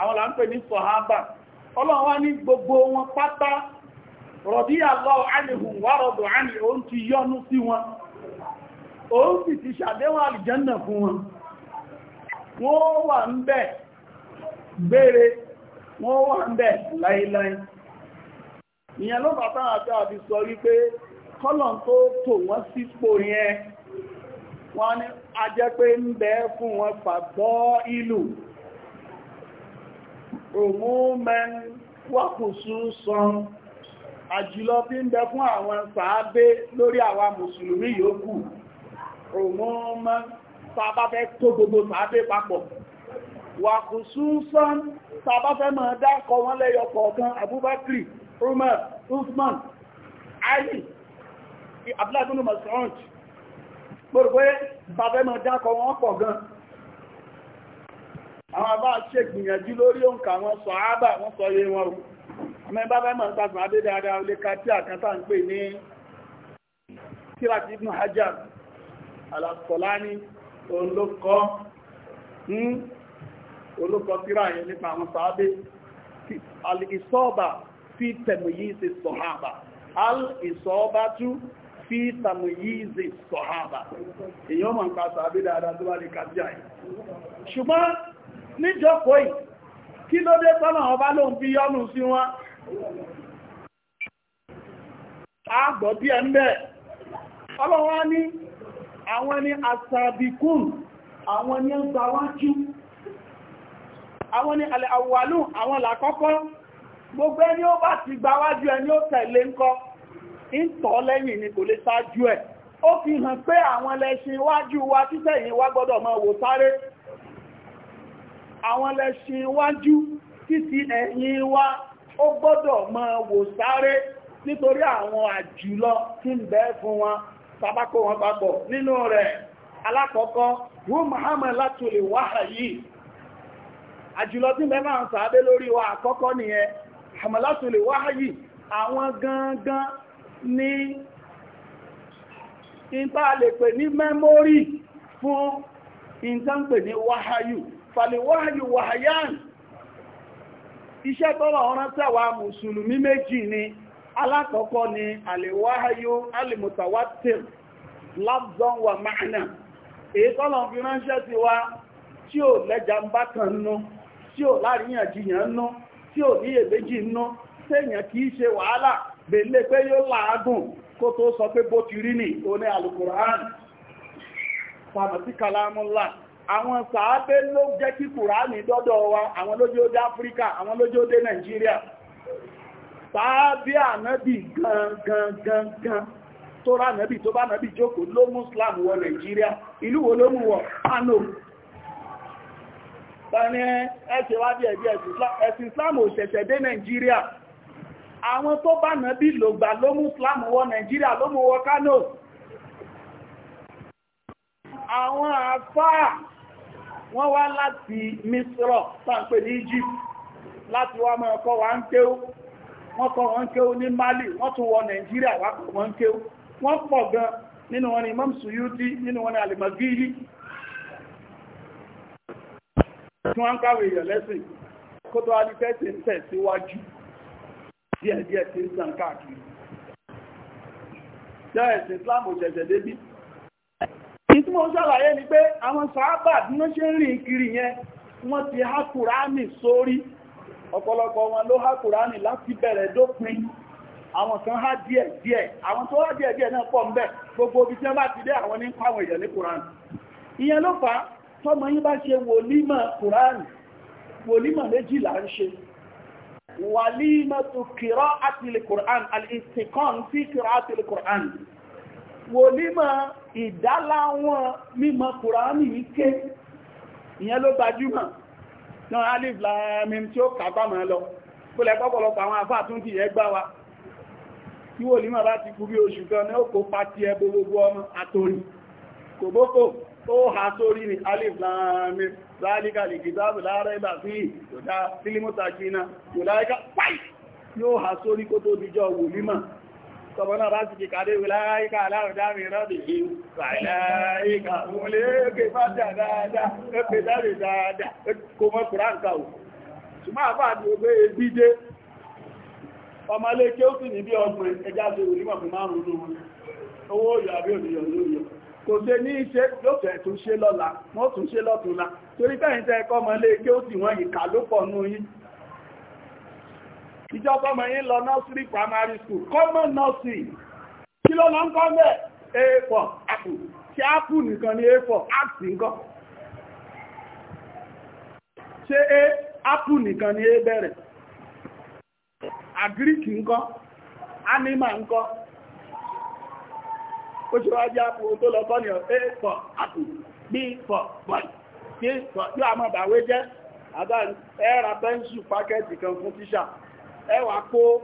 àwọn là ní sọ̀hábà ọlọ́run ní gbogbo wọn pátá rọ̀bí àlọ́ ànihùn wà rọ̀dọ̀ àní òun ti yọ́nú sí wọn òun sì ti àlìjẹ́nà fún wọn wọ́n wà ń bẹ̀ gbére wọ́n wà ń bẹ̀ láíláí wọ́n yẹn jẹ́ pé ń fún wọn ìlú òmúmẹ́n wọ́kùsù sọ́n àjùlọ bí ń bẹ fún àwọn sàábé lórí àwa mùsùlùmí yòókù òmúmẹ́n sàbáfẹ́ tó gbogbo sàábé papọ̀ wọ́kùsù sọ́n sàbáfẹ́ mọ̀ dákọ wọn lẹ́yọ kọ̀ọ̀kan Abubakar Umar Usman Ali Abdullahi bin Mas'ud gbogbo sàbẹ́ mọ̀ dákọ wọn pọ̀ gan-an àwọn bá ṣe gbìyànjú lórí òǹkà wọn sọ ábà wọn sọ yé wọn o ọmọ ẹbá bá mọ̀ nípa sùn adédáadáa olè ka tí àkántà ń pè ní tíráàtì ibn hajar alasọláni olókọ hmm, fi tẹ̀mùyíṣe sọ̀hábà alìsọ́ọ̀bà tú fi tẹ̀mùyíṣe sọ̀hábà èyí lè ka tí ṣùgbọ́n níjọ́kọ́ yìí kí ló dé tọ́nà ọba ló fi yọ́nù sí wọn àgbọ̀ bí ẹ ń bẹ̀ ọlọ́wọ́ ní àwọn ni asàbìkún àwọn ni ń gba wájú àwọn ni àwàlú àwọn làkọ́kọ́ gbogbo ẹni ó bá ti gba wájú ẹni ó tẹ̀lé ńkọ́ ń tọ́ lẹ́yìn ni kò lè ṣáájú ẹ̀ ó fi hàn pé àwọn ẹlẹ́ṣin wájú wa títẹ̀yìn wá gbọ́dọ̀ máa wò sáré àwọn lẹ́ṣin iwájú títí ẹ̀yìn wa ó gbọ́dọ̀ máa wò sáré nítorí àwọn àjùlọ tí ń bẹ fún wọn tabako wọn papọ̀ nínú rẹ̀ alákọ̀ọ́kọ́ wọ́n Muhammad látòlè wáhà yìí àjùlọ tí bẹ máa ń sàábé lórí wa àkọ́kọ́ nìyẹn àmàlátòlè wáhà yìí àwọn gangan ní ìta lè pè ní mẹ́mórì fún ìta ń pè ní wáháyù fàlìwáyù wàhayán iṣẹ́ tọ́lọ ọ̀rán tẹ́wàá mùsùlùmí méjì ni alákọ̀ọ́kọ́ ni àlèwáyù alìmùtàwátìl lábdán wà máàna èyí tọ́lọ fi ránṣẹ́ ti wá tí ò lẹ́jà ń bá kan nú tí ò láríyànjiyàn nú tí ò níyèméjì nú séèyàn kìí ṣe àwọn sàábé ló jẹ́ kí kùránì dọ́dọ̀ wa àwọn lójú ó dé áfíríkà àwọn lójú ó dé nàìjíríà sàábé ànábì gangan tó rá ànábì tó bá ànábì jókòó ló mú islam wọ nàìjíríà ìlú wo ló mú wọ kánò tani ẹsẹ̀ wá bí ẹ̀bí ẹ̀sìn islam ò ṣẹ̀ṣẹ̀ dé nàìjíríà àwọn tó bá ànábì lògbà ló mú islam wọ nàìjíríà ló mú wọ kánò àwọn àfáà wọ́n wá láti misro sáńpé ní Egypt láti wá máa kọ́ wa ń kéwú wọ́n kọ́ wọn kéwú ní Mali wọ́n tún wọ Nàìjíríà wá kọ́ wọn kéwú wọ́n pọ̀ gan nínú wọn ni Imam Suyuti nínú wọn ni Alimagiri tí wọ́n ń kàwé èèyàn lẹ́sìn kó tó alifẹ́ ti ń tẹ̀ síwájú díẹ̀díẹ̀ ti ń sàn káàkiri jẹ́ ẹ̀sìn Islam ò ṣẹ̀ṣẹ̀ débí mo ṣàlàyé ni pé àwọn sàábà bí wọ́n ṣe ń rìn kiri yẹn wọ́n ti há kùránì sórí ọ̀pọ̀lọpọ̀ wọn ló há kùránì láti bẹ̀rẹ̀ dópin àwọn kan há díẹ̀ díẹ̀ àwọn tó há díẹ̀ díẹ̀ náà pọ̀ ń bẹ̀ gbogbo ibi tí wọ́n bá ti dé àwọn ní pàwọn èèyàn ní kùránì ìyẹn ló fà tọ́mọ yín bá ṣe wòlímọ̀ kùránì wòlímọ̀ méjìlá ń ṣe walimatu qira'ati al-Qur'an al-istiqam fi qira'ati al-Qur'an wòlímọ̀ ìdáláwọn mímọ̀ kùránì ike ìyẹn ló gbajúmọ̀ náà alif lamim tí ó kàgbà mọ́ lọ kó lẹ pọ́pọ̀lọpọ̀ àwọn afá tún gbá wa tí wò nímọ̀ bá ti kú bí oṣù kan ní ó kó pàtí ẹbọ gbogbo ọmọ àtòrí kò bókò ha sórí ni alif lamim láàrínkàlì kìtàbù láàrẹ́ ìgbà sí ìdá sílímọ́ta jìnnà yóò ha sórí kó tó dijọ́ wò tọmọdá bá ti kìkàdé wìláyíká aláàrùdámi rọ́dì yìí wàláyíká òun lè ké fájà dáadáa ẹ́pẹ̀ dáre dáadáa kò mọ́ kùránkà ò ṣùgbọ́n àbá àti ògbé ebídé ọmọléké ó sì ní bí ọgbọ̀n ẹjá sí olímọ̀ fún márùn-ún owó òyà bí òníyàn lórí kò ṣe ní iṣẹ́ yóò fẹ́ tún ṣe lọ́la wọ́n tún ṣe lọ́túnla torí bẹ́yìn tẹ́ ẹkọ́ ọmọléké ó sì wọ́n ìkà ló pọ̀ nú yín ìjọba ọmọ yín lọ nursery primary school common nursery kí ló lọ ń kọ́ bẹ́ẹ̀ a4 apple ṣe apple nìkan ni a4 apple nǹkan ṣé apple nìkan ni a bẹ̀rẹ̀ agric nǹkan animal nǹkan ó ṣe wá jẹ́ apple tó lọ kọ́ ni a4 apple b4 boy c4 yóò àmọ́ bàwé jẹ́ àbá ẹ̀rà pẹ́ńsù pákẹ́ẹ̀tì kan fún tíṣà ẹwà kó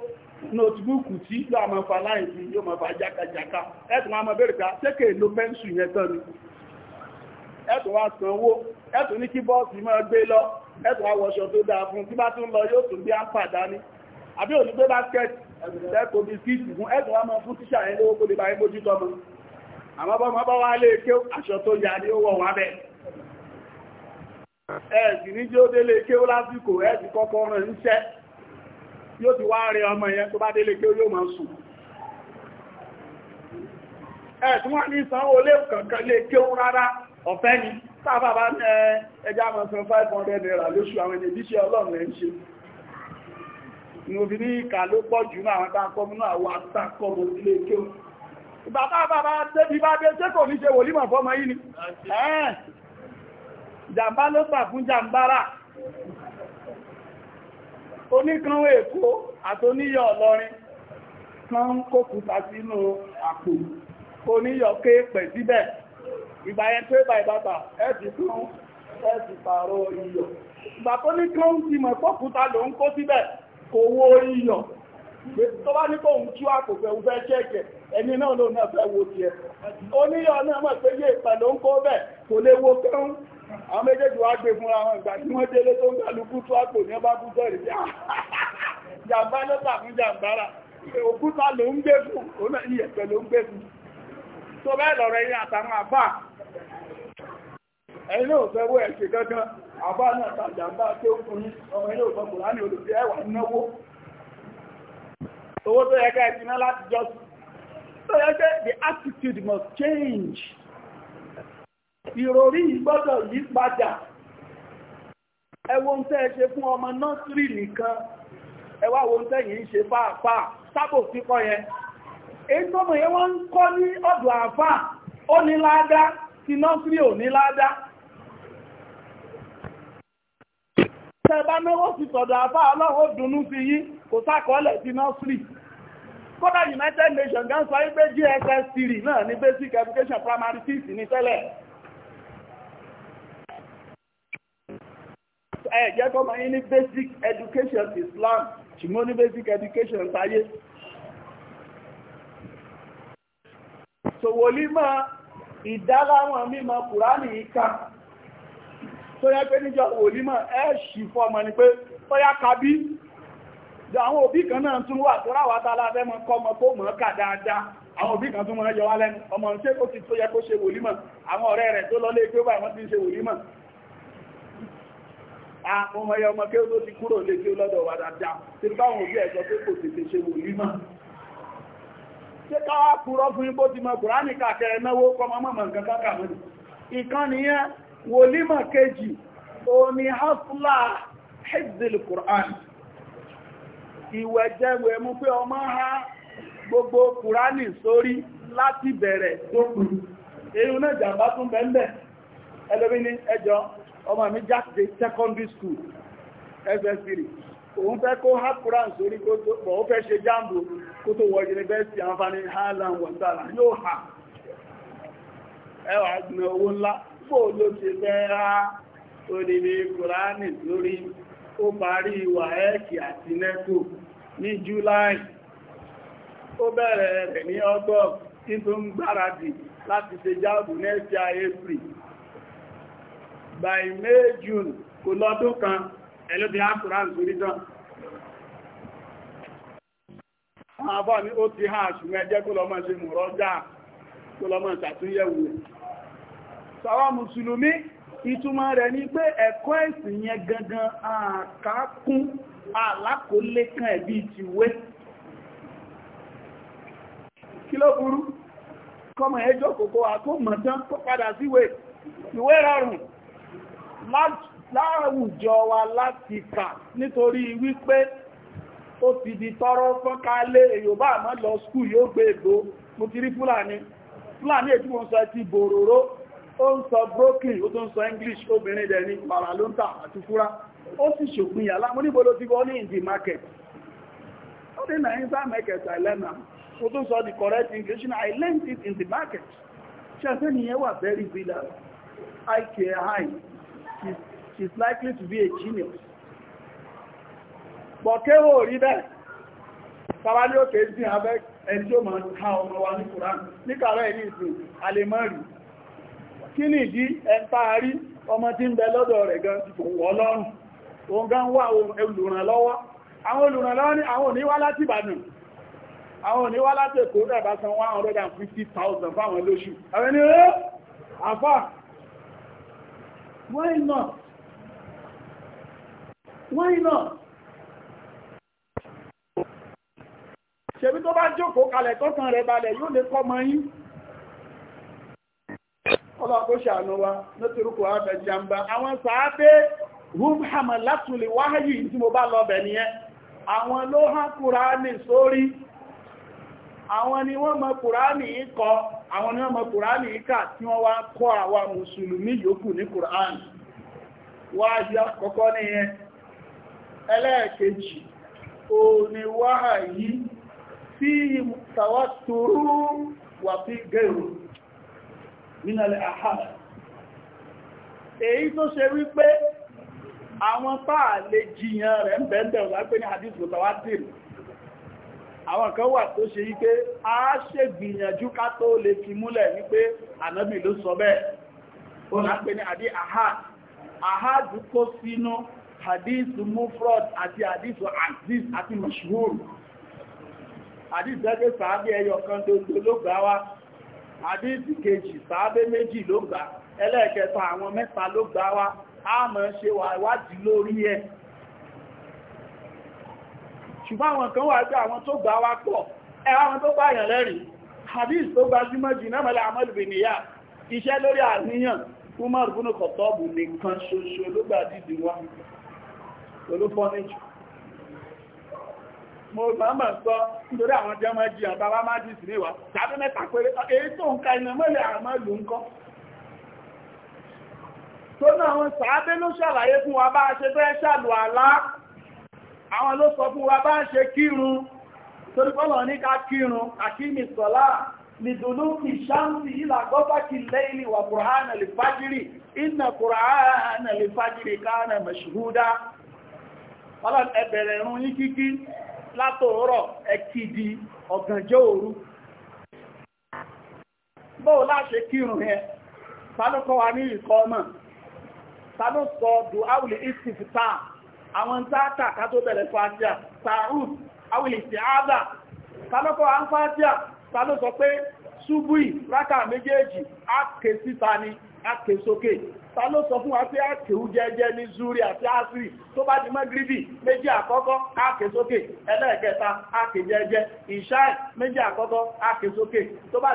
notebúùkù tí yóò mọ̀ fà láìsí yóò mọ̀ fà jákàjáká ẹ̀tùn wa mọ̀ bèèrè pé ah, ṣékè ló pẹ́ńsù yẹn tán ni ẹ̀tùn wa san owó ẹ̀tùn ní kí bọ́ọ̀sì máa gbé lọ ẹ̀tùn wa wọṣọ tó dáa fún tí bá tún lọ yóò tún bí á ń pàdánì àbí òní gbé báskẹ́ẹ̀tì ẹ̀kọ́ bisikíìtì fún ẹ̀tùn wa mọ̀ fún yóò ti wá rẹ ọmọ ìyẹn tó bá délé pé yóò máa sùn ẹ̀tún wọ́n ní sanwó lé kankan lè kéhùn rárá ọ̀fẹ́ ni sáàbà bá ní ẹjá mọ̀ san 500 naira lóṣù àwọn ènìyàn bí iṣẹ́ ọlọ́run ẹ̀ ń ṣe ní òbí ní ìkà ló pọ̀ jù náà àwọn tàkọ́ mú náà wà tàkọ́ mọ̀ sí lè kéhùn bàbá bàbá débi bá dé sékò ní ṣe wòlímọ̀ fọ́mọ yìí ni jàmbá ló pà fún jàmbára oníkanwé èkó àtoníyọ̀ ọlọ́rin kan kó kùtà sínú àpò oníyọ̀ ké pẹ̀ síbẹ̀ tó bá ìbátà ẹ̀sì kan ẹ̀sì iyọ̀ ìgbà tó ní kan ti mọ̀ pọ́kùtà ló ń kó síbẹ̀ kò iyọ̀ tó bá ní tú fẹ́ ló ń kó bẹ̀ àwọn méjèèjì wá gbé fúnra àwọn ìgbà tí wọ́n délé tó ń àpò ní ọba kú sẹ́rì tí ah, jàmbá ló tà fún ló ń gbé fún òun ìyẹ̀pẹ̀ ń gbé fún tó bẹ́ẹ̀ lọ́rọ̀ yìí àtàwọn àbá fẹ́ wó ẹ̀ṣẹ̀ àbá náà ta jàmbá tó fún yín ọmọ ilé kùránì ẹwà náwó ìròrí ìgbọ́dọ̀ yí padà ẹwọ ń tẹ́ ṣe fún ọmọ nọ́sírì nìkan ẹwà wo ń tẹ́ yìí ṣe pàápàá sábò síkọ́ yẹn èyí tó mọ̀ yẹn wọ́n ń kọ́ ní ọ̀dọ̀ àfà ó ní ládá ti nọ́sírì ò ní ládá tẹ́ẹ̀bá náwó sí sọ̀dọ̀ àfà ọlọ́wọ́ dùnú sí yí kò sákọọ́lẹ̀ ti nọ́sírì kódà United Nations gan sọ wípé GSS3 náà ní basic education primary six ní tẹ́lẹ̀ ẹ̀jẹ́ kọ́ ma yín ní basic education Islam ṣùgbọ́n ní basic education sáyé sòwòlí máa ìdáláwọn mímọ̀ kùránì ìka tó yẹ pé níjọ wòlí máa ẹ́ ṣì fọmọ ni pé tó yá kabí àwọn òbí kan náà tún wà tó ráwà tààlà kó mọ̀ dáadáa àwọn òbí kan tún mọ̀ yọ wá lẹ́nu ọmọ ṣé kó ti tó yẹ kó ṣe wòlí mọ̀ àwọn ọ̀rẹ́ rẹ̀ tó lọ lé gbé báyìí Ah, ọmọ ẹyọ ọmọ kéwú tó ti kúrò lè kí ó lọ́dọ̀ wà dáadáa ti báwọn òbí ẹ̀sọ́ kò tètè ṣe wò ní mọ́ fún ipò ti mọ kùránì kàkẹ́ ẹnáwó kọmọ mọ̀mọ̀ nǹkan kákà ìkan nìyẹn kejì òní kùránì mú pé ọmọ ha gbogbo kùránì sórí láti bẹ̀rẹ̀ tó kù náà jàmbá tún bẹ́ẹ̀ ẹlẹ́bí ní ọmọ mi jáde secondary school ss3 òun fẹ́ kó hakuran sórí kó tó bọ̀ ó fẹ́ ṣe jambo kó tó wọ yunifásitì àǹfààní highland wọ̀ntara yóò hà ẹwà gbìnà owó ńlá fò ló ṣe fẹ́ rá orílẹ̀ kùránì lórí ó parí ìwà ẹ́ẹ̀kì àti nẹ́tò ní july ó bẹ̀rẹ̀ rẹ̀ ní ọgbọ́n tí tó ń gbáradì láti ṣe jambo next year april by May June kò lọ́dún kan ẹlẹ́bí ákùrá ìgbìrìtàn àwọn àbá ní ó ti ha ṣùgbọ́n ẹjẹ́ kó lọ́mọ́ ṣe mú rọ́jà kó lọ́mọ́ ṣàtúnyẹ̀wò sàwà mùsùlùmí ìtumọ̀ rẹ̀ ni pé ẹ̀kọ́ ẹ̀sìn yẹn gangan àkákún alákòólékan ẹ̀bí ìtìwé kí ló burú kọmọ ẹjọ́ kòkó àkó mọ̀tán kó padà síwé ìwé rọrùn láwùjọ wa láti kà nítorí wípé ó ti di tọrọ fọ́nkálé Yorùbá àmọ́ lọ skúù yóò gbé ègbó mo ti rí Fúlàní Fúlàní ètí wọ́n sọ ti bòròró ó ń sọ broken ó tó ń sọ English obìnrin dẹ̀ ní wàrà ló ń tà àti fúra ó sì ṣòpinya lámú níbo ló ti wọ́n ní ìdí market ó ní nàíjíríà market I learn am ó tó sọ the correct English na I learned it in the market ṣe àṣẹ́ nìyẹn wà very villain I care high she's, she's likely to be a genius but kéwò rí bẹ́ẹ̀ tàbá ní òkè sí abẹ́ ẹni tí ó máa ha ọmọ wa ní Kùránì ní kààrọ̀ ẹni ìsìn alèmọ́rì kí ni ìdí ẹntaari ọmọ tí ń bẹ lọ́dọ̀ rẹ̀ gan ti kò wọ́ lọ́rùn òun gan wà olùrànlọ́wọ́ àwọn olùrànlọ́wọ́ ní àwọn oníwá láti Ìbàdàn àwọn Èkó rẹ̀ bá san 150,000 fáwọn lóṣù àwọn ènìyàn àfáà Why not? Why not? Ṣèbí tó bá jókòó kalẹ̀ tọ́kàn rẹ̀ balẹ̀ yóò lè kọ́ mọ́ yín. Ọlọ́pọ̀ ṣàánú wa, lótìrúkù ààbẹ̀ jàmbá. Àwọn sàábé Rúm Hamalatuli wáyé tí mo bá lọ bẹ̀ nìyẹn. Àwọn ló há Kùránì sórí. Àwọn ni wọ́n mọ Kùránì kọ àwọn ní ọmọ kùránì ìkà tí wọ́n wá kọ́ àwa mùsùlùmí yòókù ní kùránì wá yá kọ́kọ́ ní nìyẹn ẹlẹ́ẹ̀kejì o ni wá yí sí tàwátúrú wà fi gẹ̀rù nínàlẹ̀ àhàrà èyí tó ṣe wípé àwọn pàà lè jiyàn rẹ̀ ń bẹ̀ẹ̀bẹ̀ àwọn kan wà tó ṣe wípé a ṣègbìyànjú ká tó lè fi múlẹ̀ wípé ànábì ló sọ bẹ́ẹ̀ ó lápẹ́ ní àdí ahad ahad kó sínú hadith mufrod àti hadith aziz àti mashhur hadith gẹ́gẹ́ sàábé ẹyọ kan dondo ló gbà wá hadith kejì sàábé méjì ló gbà ẹlẹ́ẹ̀kẹta àwọn mẹ́ta ló gbà wá a ṣe wà ìwádìí lórí ẹ̀ ṣùgbọ́n àwọn kan wà pé àwọn tó gbà wá pọ̀ ẹwà tó pààyàn lẹ́rìn hadith tó gbajúmọ̀ jù náà mẹ́lẹ̀ àmọ́lùbì níyà iṣẹ́ lórí àníyàn Umar bunu Kọ̀tọ́bù nìkan ṣoṣo ló gbà dìdì wá olúfọ́nìjù mo mọ̀mọ̀ sọ nítorí àwọn jẹmọ́ jí àbábá má dìsì níwá tàbí mẹ́ta péré èyí tó ń ka iná mẹ́lẹ̀ náà wọn sàábé ló ṣàlàyé fún wa bá a ṣe fẹ́ ṣàlù àlá àwọn ló sọ fún wa bá ń ṣe kírun torí pọ́lọ̀ ní ká kírun àkíní sọ́lá nìdùnú kì ṣáǹsì ìlà gọ́bákì lẹ́ìlì wà kùránà lè fájírì iná kùránà lè fájírì káàrà mẹ̀ṣùhúdá ọlọ́n àwọn tààtà ká tó bẹ̀rẹ̀ fàájá tààrùn awìlì tí áàdà tàlọ́kọ̀ à ń fàájá tàló sọ pé ṣubúì rákà méjèèjì ákè síta ni ákè sókè tàló sọ fún wa pé ákè ú ní zuri àti asiri tó bá di mọ́gíríbì méjì àkọ́kọ́ ákè sókè ẹlẹ́ẹ̀kẹta ákè jẹ́jẹ́ ìṣáì méjì àkọ́kọ́ ákè sókè tó bá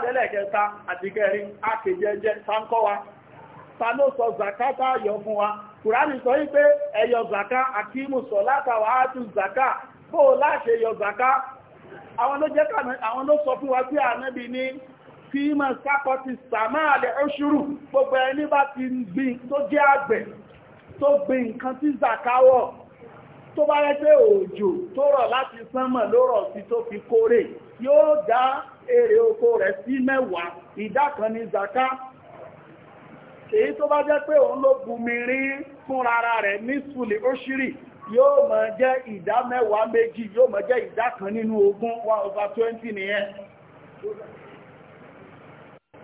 àti kẹrin ákè jẹ́jẹ́ wa sọ zakata yọ fún kùránì sọ wípé ẹ̀yọ zaka àti ìmùsọ̀ látàwà áàtù zaka bó láṣẹ yọ zaka àwọn ló jẹ́ àwọn ló sọ fún wa ní sàmáàlẹ̀ oṣùrù gbogbo ẹni bá ti gbìn tó jẹ́ àgbẹ̀ tó gbìn nǹkan tí zaka wọ̀ tó bá rẹ́ lati òjò tó rọ̀ láti sánmọ̀ fi kórè yóò dá èrè oko rẹ̀ sí mẹ́wàá ìdá kan ní zaka èyí tó bá jẹ́ pé òun ló fún ara rẹ̀ ní sùlẹ̀ oṣìrì yóò mọ̀ jẹ́ ìdá mẹ́wàá méjì yóò mọ̀ jẹ́ ìdá kan nínú ogún one over twenty nìyẹn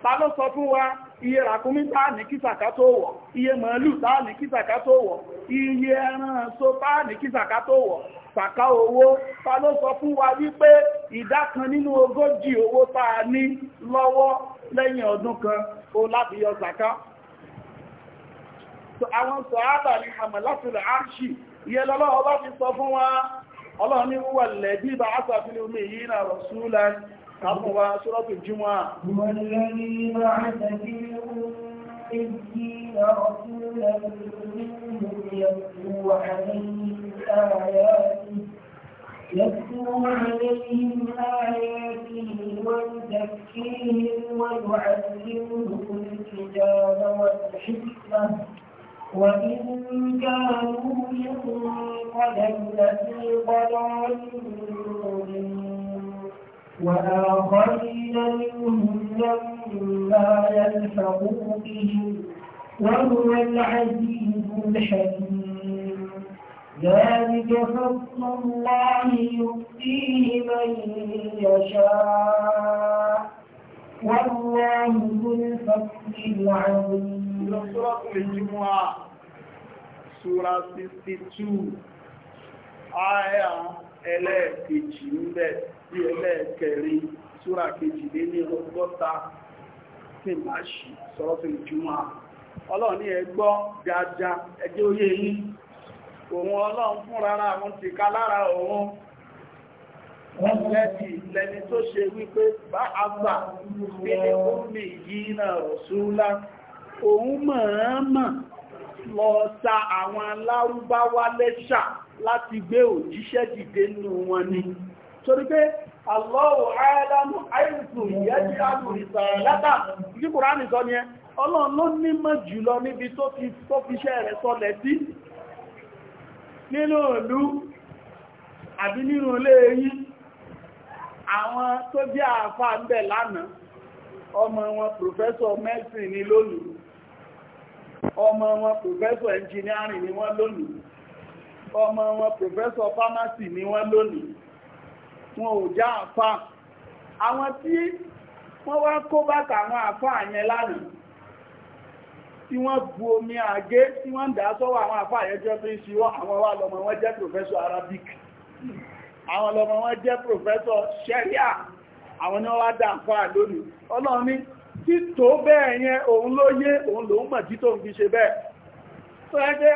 ta ló sọ fún wa iye ràkúnmí tá ní kìsàká tó wọ̀ iye màálù tá ní kìsàká tó wọ̀ iye ẹran so tá ní kìsàká tó wọ̀ sàká owó ta ló sọ fún wa wípé ìdá kan nínú ogójì owó tá a ní lọ́wọ́ lẹ́yìn ọdún kan o láti yọ sàká àwọn sọ̀hábà ní àmàlátìlẹ̀ àṣì iye lọ́lọ́wọ́ bá fi sọ fún wa ọlọ́run ní wà lẹ́bí bá ásàfilé omi yìí na rọ̀súlá káfún wa ṣúrọ́tù jímọ́ يذكر عليهم آياته ويزكيهم ويعلمهم الكتاب وإن كانوا من قبل لفي ضلال مبين وآخرين منهم لما يلحقوا به وهو العزيز الحكيم ذلك فضل الله يؤتيه من يشاء والله ذو الفضل العظيم lọ sọ́rọ̀kùn lè jí mọ́ à ṣúra 62 àyà ẹlẹ́ẹ̀kejì níbẹ̀ bí ẹlẹ́ẹ̀kẹrin sura kejì lé ní ọgọ́ta tí má ṣì sọ́rọ̀kùn lè jí mọ́ à ọlọ́run ní ẹgbọ́ dáadáa ẹjẹ́ oyé yìí òun ọlọ́run fún rárá àwọn ti ká lára òun lẹ́bí lẹ́ni tó ṣe wípé bá àgbà bí òun mọ̀ọ́mọ̀ lọ ta àwọn alárúbáwá lẹ́ṣà láti gbé òjíṣẹ́ dìde nù wọn ni torí pé Allahu aalamu àìsù ìyẹ́jì àmùrìsà látà ní Kùránì sọ ni ẹ ọlọ́run ló nímọ̀ jùlọ níbi tó fi sọ́fiṣẹ́ rẹ̀ sọlẹ̀ sí nínú ìlú àbí nínú ilé àwọn tó jẹ́ àfáà ń bẹ̀ lánàá ọmọ wọn pòfẹ́sọ̀ mẹ́sìn ni lónìí ọmọ wọn professor engineering ni wọ́n lónìí ọmọ wọn professor pharmacy ni wọ́n lónìí wọn ò já àfà àwọn tí wọ́n wá kó bàtà àwọn àfà yẹn lánàá tí wọ́n bu omi àgé tí wọ́n ń dà sọ́wọ́ àwọn àfà yẹn jẹ́ fi ṣíwọ́ àwọn wá lọ́mọ wọn jẹ́ professor Arabic àwọn lọ́mọ wọn jẹ́ professor Sharia àwọn ni wọ́n wá dà àfà lónìí ọlọ́run ní títò bẹ́ẹ̀ yẹn òun ló yé òun ló mọ̀ tó ń fi ṣe bẹ́ẹ̀ tó ẹ́ pé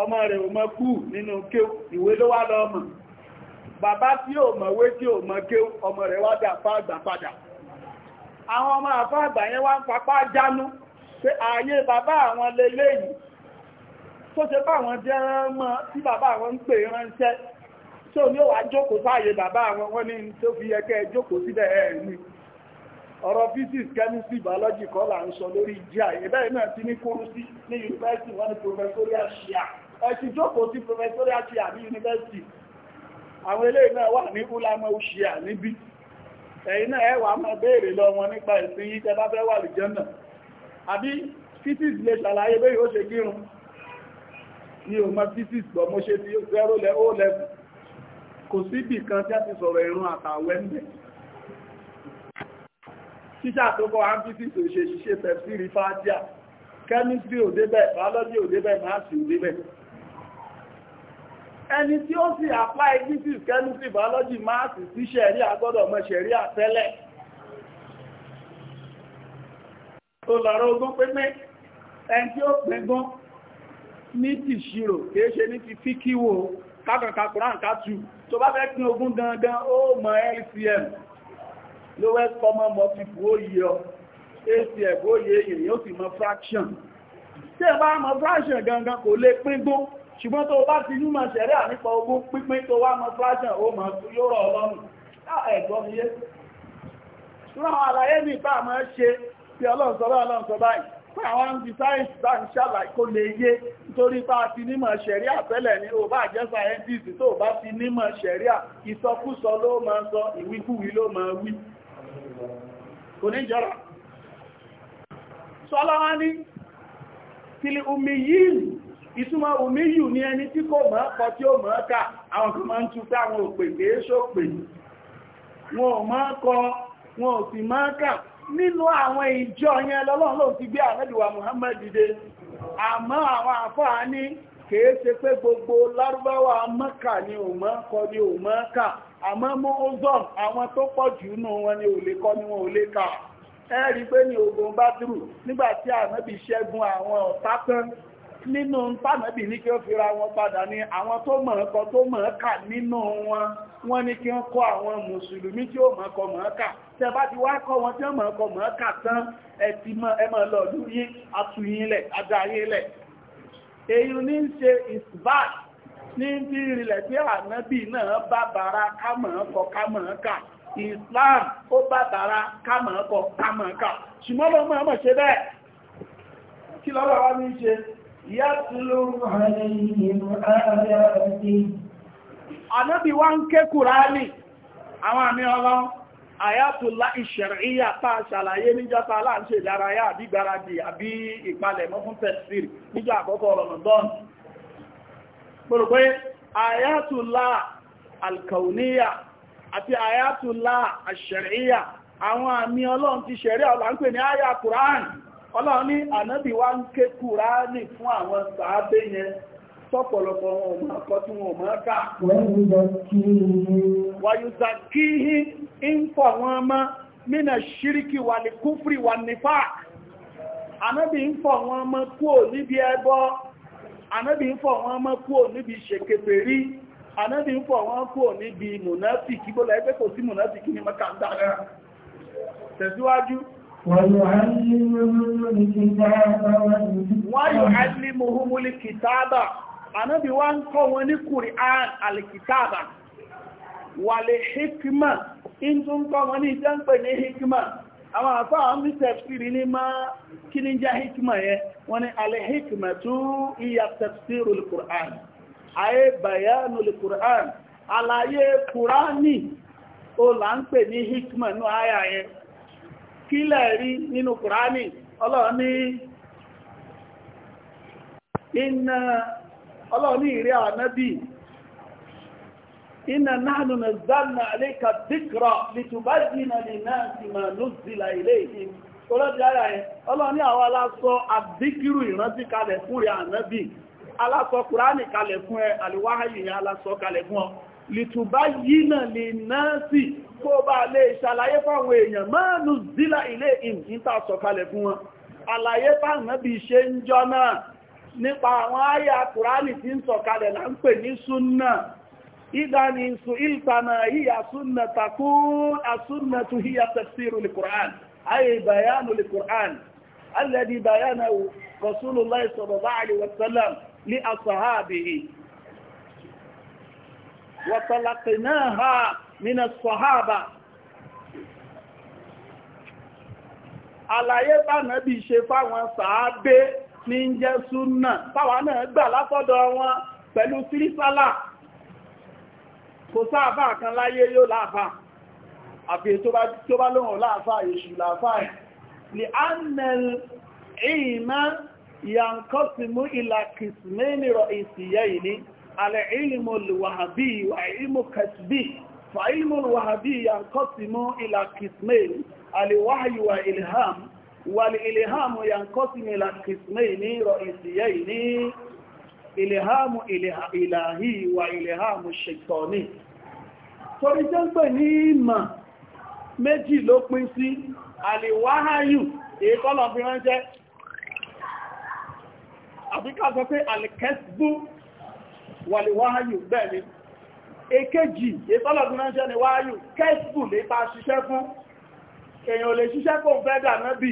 ọmọ rẹ̀ ò kú nínú kéw ìwé ló wá bàbá tí ò mọ̀ wé tí ò mọ̀ ọmọ rẹ̀ wá dà àgbà padà àwọn ọmọ àfá àgbà yẹn wá ń jánú pé ààyè bàbá àwọn tó ṣe bá àwọn jẹ́ ọ̀rọ̀ physics chemistry biology kọ́ là ń sọ lórí jíà ìbẹ́ẹ̀ náà ti ní kúrú sí ní yunifásitì wọn ni professorial shia ẹ̀sìn jókòó sí professorial shia ní university. àwọn eléyìí náà wà ní ulama ushia, níbí ẹ̀yin náà ẹ wá máa béèrè lọ wọn nípa ẹ̀sìn yìí tẹ́ bá fẹ́ wà lìjẹ́nà àbí physics lè ṣàlàyé bẹ́ẹ̀ ó ṣe kírun ní ọmọ physics bọ̀ mo ṣe ti zero level kò síbì kan tí a ti sọ̀rọ̀ ìrun àtàwẹ́ ń bẹ̀rẹ̀ tíṣà tó kọ́ amphithis ò ṣe ṣiṣẹ́ pepsi rifatia chemistry ò débẹ̀ biology ò débẹ̀ maths ò débẹ̀ ẹni tí ó sì apply physics chemistry biology maths sí ṣẹ̀rí àgọ́dọ̀ mọ̀ ṣẹ̀rí àtẹ́lẹ̀ tó lọ́rọ̀ ogún pépé ẹni tí ó pẹ̀gún ní tìṣirò kìí ṣe ní ti fíkíwò kákàkà kùránkà tù tó bá fẹ́ pín ogún gangan ó mọ̀ LCM lowest common multiple ó oyi ọ acf ó yẹ èyàn yóò sì mọ fraction tí ẹ bá mọ gangan kò lè pín gbó ṣùgbọ́n bá ti yúmọ̀ ṣẹ̀rẹ́ ànípa ogún pínpín tó wá mọ fraction ó mọ yóò rọ̀ ọlọ́run ẹ̀gbọ́n mi yé ṣúra àlàyé ní ìbá mọ́ ṣe ọlọ́run sọ bá yé nítorí bá ti nímọ̀ ní ò bá jẹ́ tó bá ti nímọ̀ ìsọkúsọ ló máa sọ ìwíkúwí kò ní jọra sọ́lọ́wọ́ ní tìlì umiyin ìtumọ̀ umiyu ní ẹni tí kò mọ̀ tí ó mọ̀ awọn àwọn kan máa ń awọn táwọn òpè kìí ṣòpè wọn ò wọn ò sì nínú àwọn ìjọ yẹn lọ́lọ́run ló ti gbé Muhammad àmọ́ àwọn àfáà ní se pé gbogbo mọ́kà ni ò àmọ́ mú ozone àwọn tó pọ̀ jù nù wọn ni ò lè kọ́ ni wọn ò lè kà ẹ̀rí pé ní ogun bádùrù nígbà tí ànábì ṣẹ́gun àwọn ọ̀tá tán nínú tànábì ní kí ó fira wọn padà ní àwọn tó mọ̀ ọkọ̀ tó mọ̀ ọkà nínú wọn wọ́n ní kí wọ́n kọ́ àwọn mùsùlùmí tí ó mọ̀ ọkọ̀ mọ̀ ọkà tẹ́ bá ti wá kọ́ wọn tí ó mọ̀ ọkọ̀ mọ̀ ọkà tán ẹ ti mọ̀ ẹ mọ̀ lọ́ọ̀dún yín atúyín lẹ̀ adáyín lẹ̀ èyí ní ṣe is bad ní bí ìrìnlẹ̀ tí ànábì náà bàbára kámọ̀ọ́kọ̀ kámọ̀ọ́kà Islam ó bàbára kámọ̀ọ́kọ̀ kámọ̀ọ́kà ṣùgbọ́n lọ́mọ ṣe bẹ́ẹ̀ kí lọ́wọ́ wá ní ṣe yatlu alayhim ayati ń ké àyàtùlá tàà níjọta ìdárayá àbí ìpalẹ̀mọ́ fún níjọ àkọ́kọ́ pẹ̀lúpẹ́ ayatullah alkauniya àti ayatullah ashariya àwọn àmì ọlọ́run ti ṣẹ̀rí ọ̀lá ń pè ní àyà kùránì ọlọ́run ní ànábì wá ń ké kùránì fún àwọn sàábé yẹn tọ́pọ̀lọpọ̀ ọmọ ká ń anábì ń fọ̀ wọ́n mọ́ kúrò níbi ìṣèkèfèrí anábì ń fọ̀ wọ́n kúrò níbi mùnáfìkì bó lẹ́gbẹ́ kò sí mùnáfìkì ní mọ́kà dára tẹ̀síwájú wọ́n yóò alìmùhúmúlì kìtàbà anábì wá kọ́ wọn ní Kùránì alìkìtàbà wà lè hikima in tún kọ́ wọn ní ìjẹ́ ń pè ní hikima àwọn àfáà ń bí tẹ̀fìrì ní máa kí ní jẹ́ hikima yẹ wọ́n ni alẹ́hikima tó iya tẹ̀fìrì al-Qur'an ayé bayanu al-Qur'an àlàyé kùránì ó là ń pè ní hikima ní àyà yẹn kí lẹ́rí nínú kùránì ọlọ́run iná ọlọ́run ìrẹ́ ànábì inna nahnu nazzalna alayka dhikra litubayyana lin-nasi ma nuzila ilayhim olóòdì àwọn aláṣọ àdíkírù ìrántí kalẹ̀ fún rẹ̀ ànábì aláṣọ kùránì kalẹ̀ fún ẹ aláṣọ kalẹ̀ fún ọ litubayyana lin-nasi kó bá lè ṣàlàyé fáwọn èèyàn ma nuzila ilayhim ìta sọ fún ìdáni ìsù ìltànà ìyà súnnà takú àsúnnà tó híyà tafsiru lè kùrán ayé bayanu lè kùrán alẹ́dí bayana rasulullah sallallahu alaihi wasallam ní asahabihi وطلقناها من الصحابة àlàyé tánàbí ṣe fáwọn sàábé ní jẹ́ súnnà táwa náà gbà látọ́dọ̀ wọn pẹ̀lú sírísálà kò sáàfà kan láyé yóò láàfà àbí tó bá lóhùn láàfà èṣù láàfà ẹ̀ ni annel ìmá yankọ́símú ìlà kìsìmẹ́nìrọ̀ ìsìyẹ́ ìní alẹ́ ìlmù wàhábí wà ìlmù kẹsìbí fa ìlmù wàhábí yankọ́símú ìlà ìlèhámù ìlàhí wà ìlèhámù ṣètọ́ní torí jẹ́ ń pè ní ìmọ̀ méjì ló pín sí àlèwáháyù èékọ́lọ̀ fi ránṣẹ́ àbíká sọ pé àlèkẹ́sìbú wàlèwáháyù bẹ́ẹ̀ ni èkejì èékọ́lọ̀ fi ránṣẹ́ ni wáháyù kẹ́sìbù lè bá ṣiṣẹ́ fún èèyàn lè ṣiṣẹ́ kó fẹ́ dà náà bì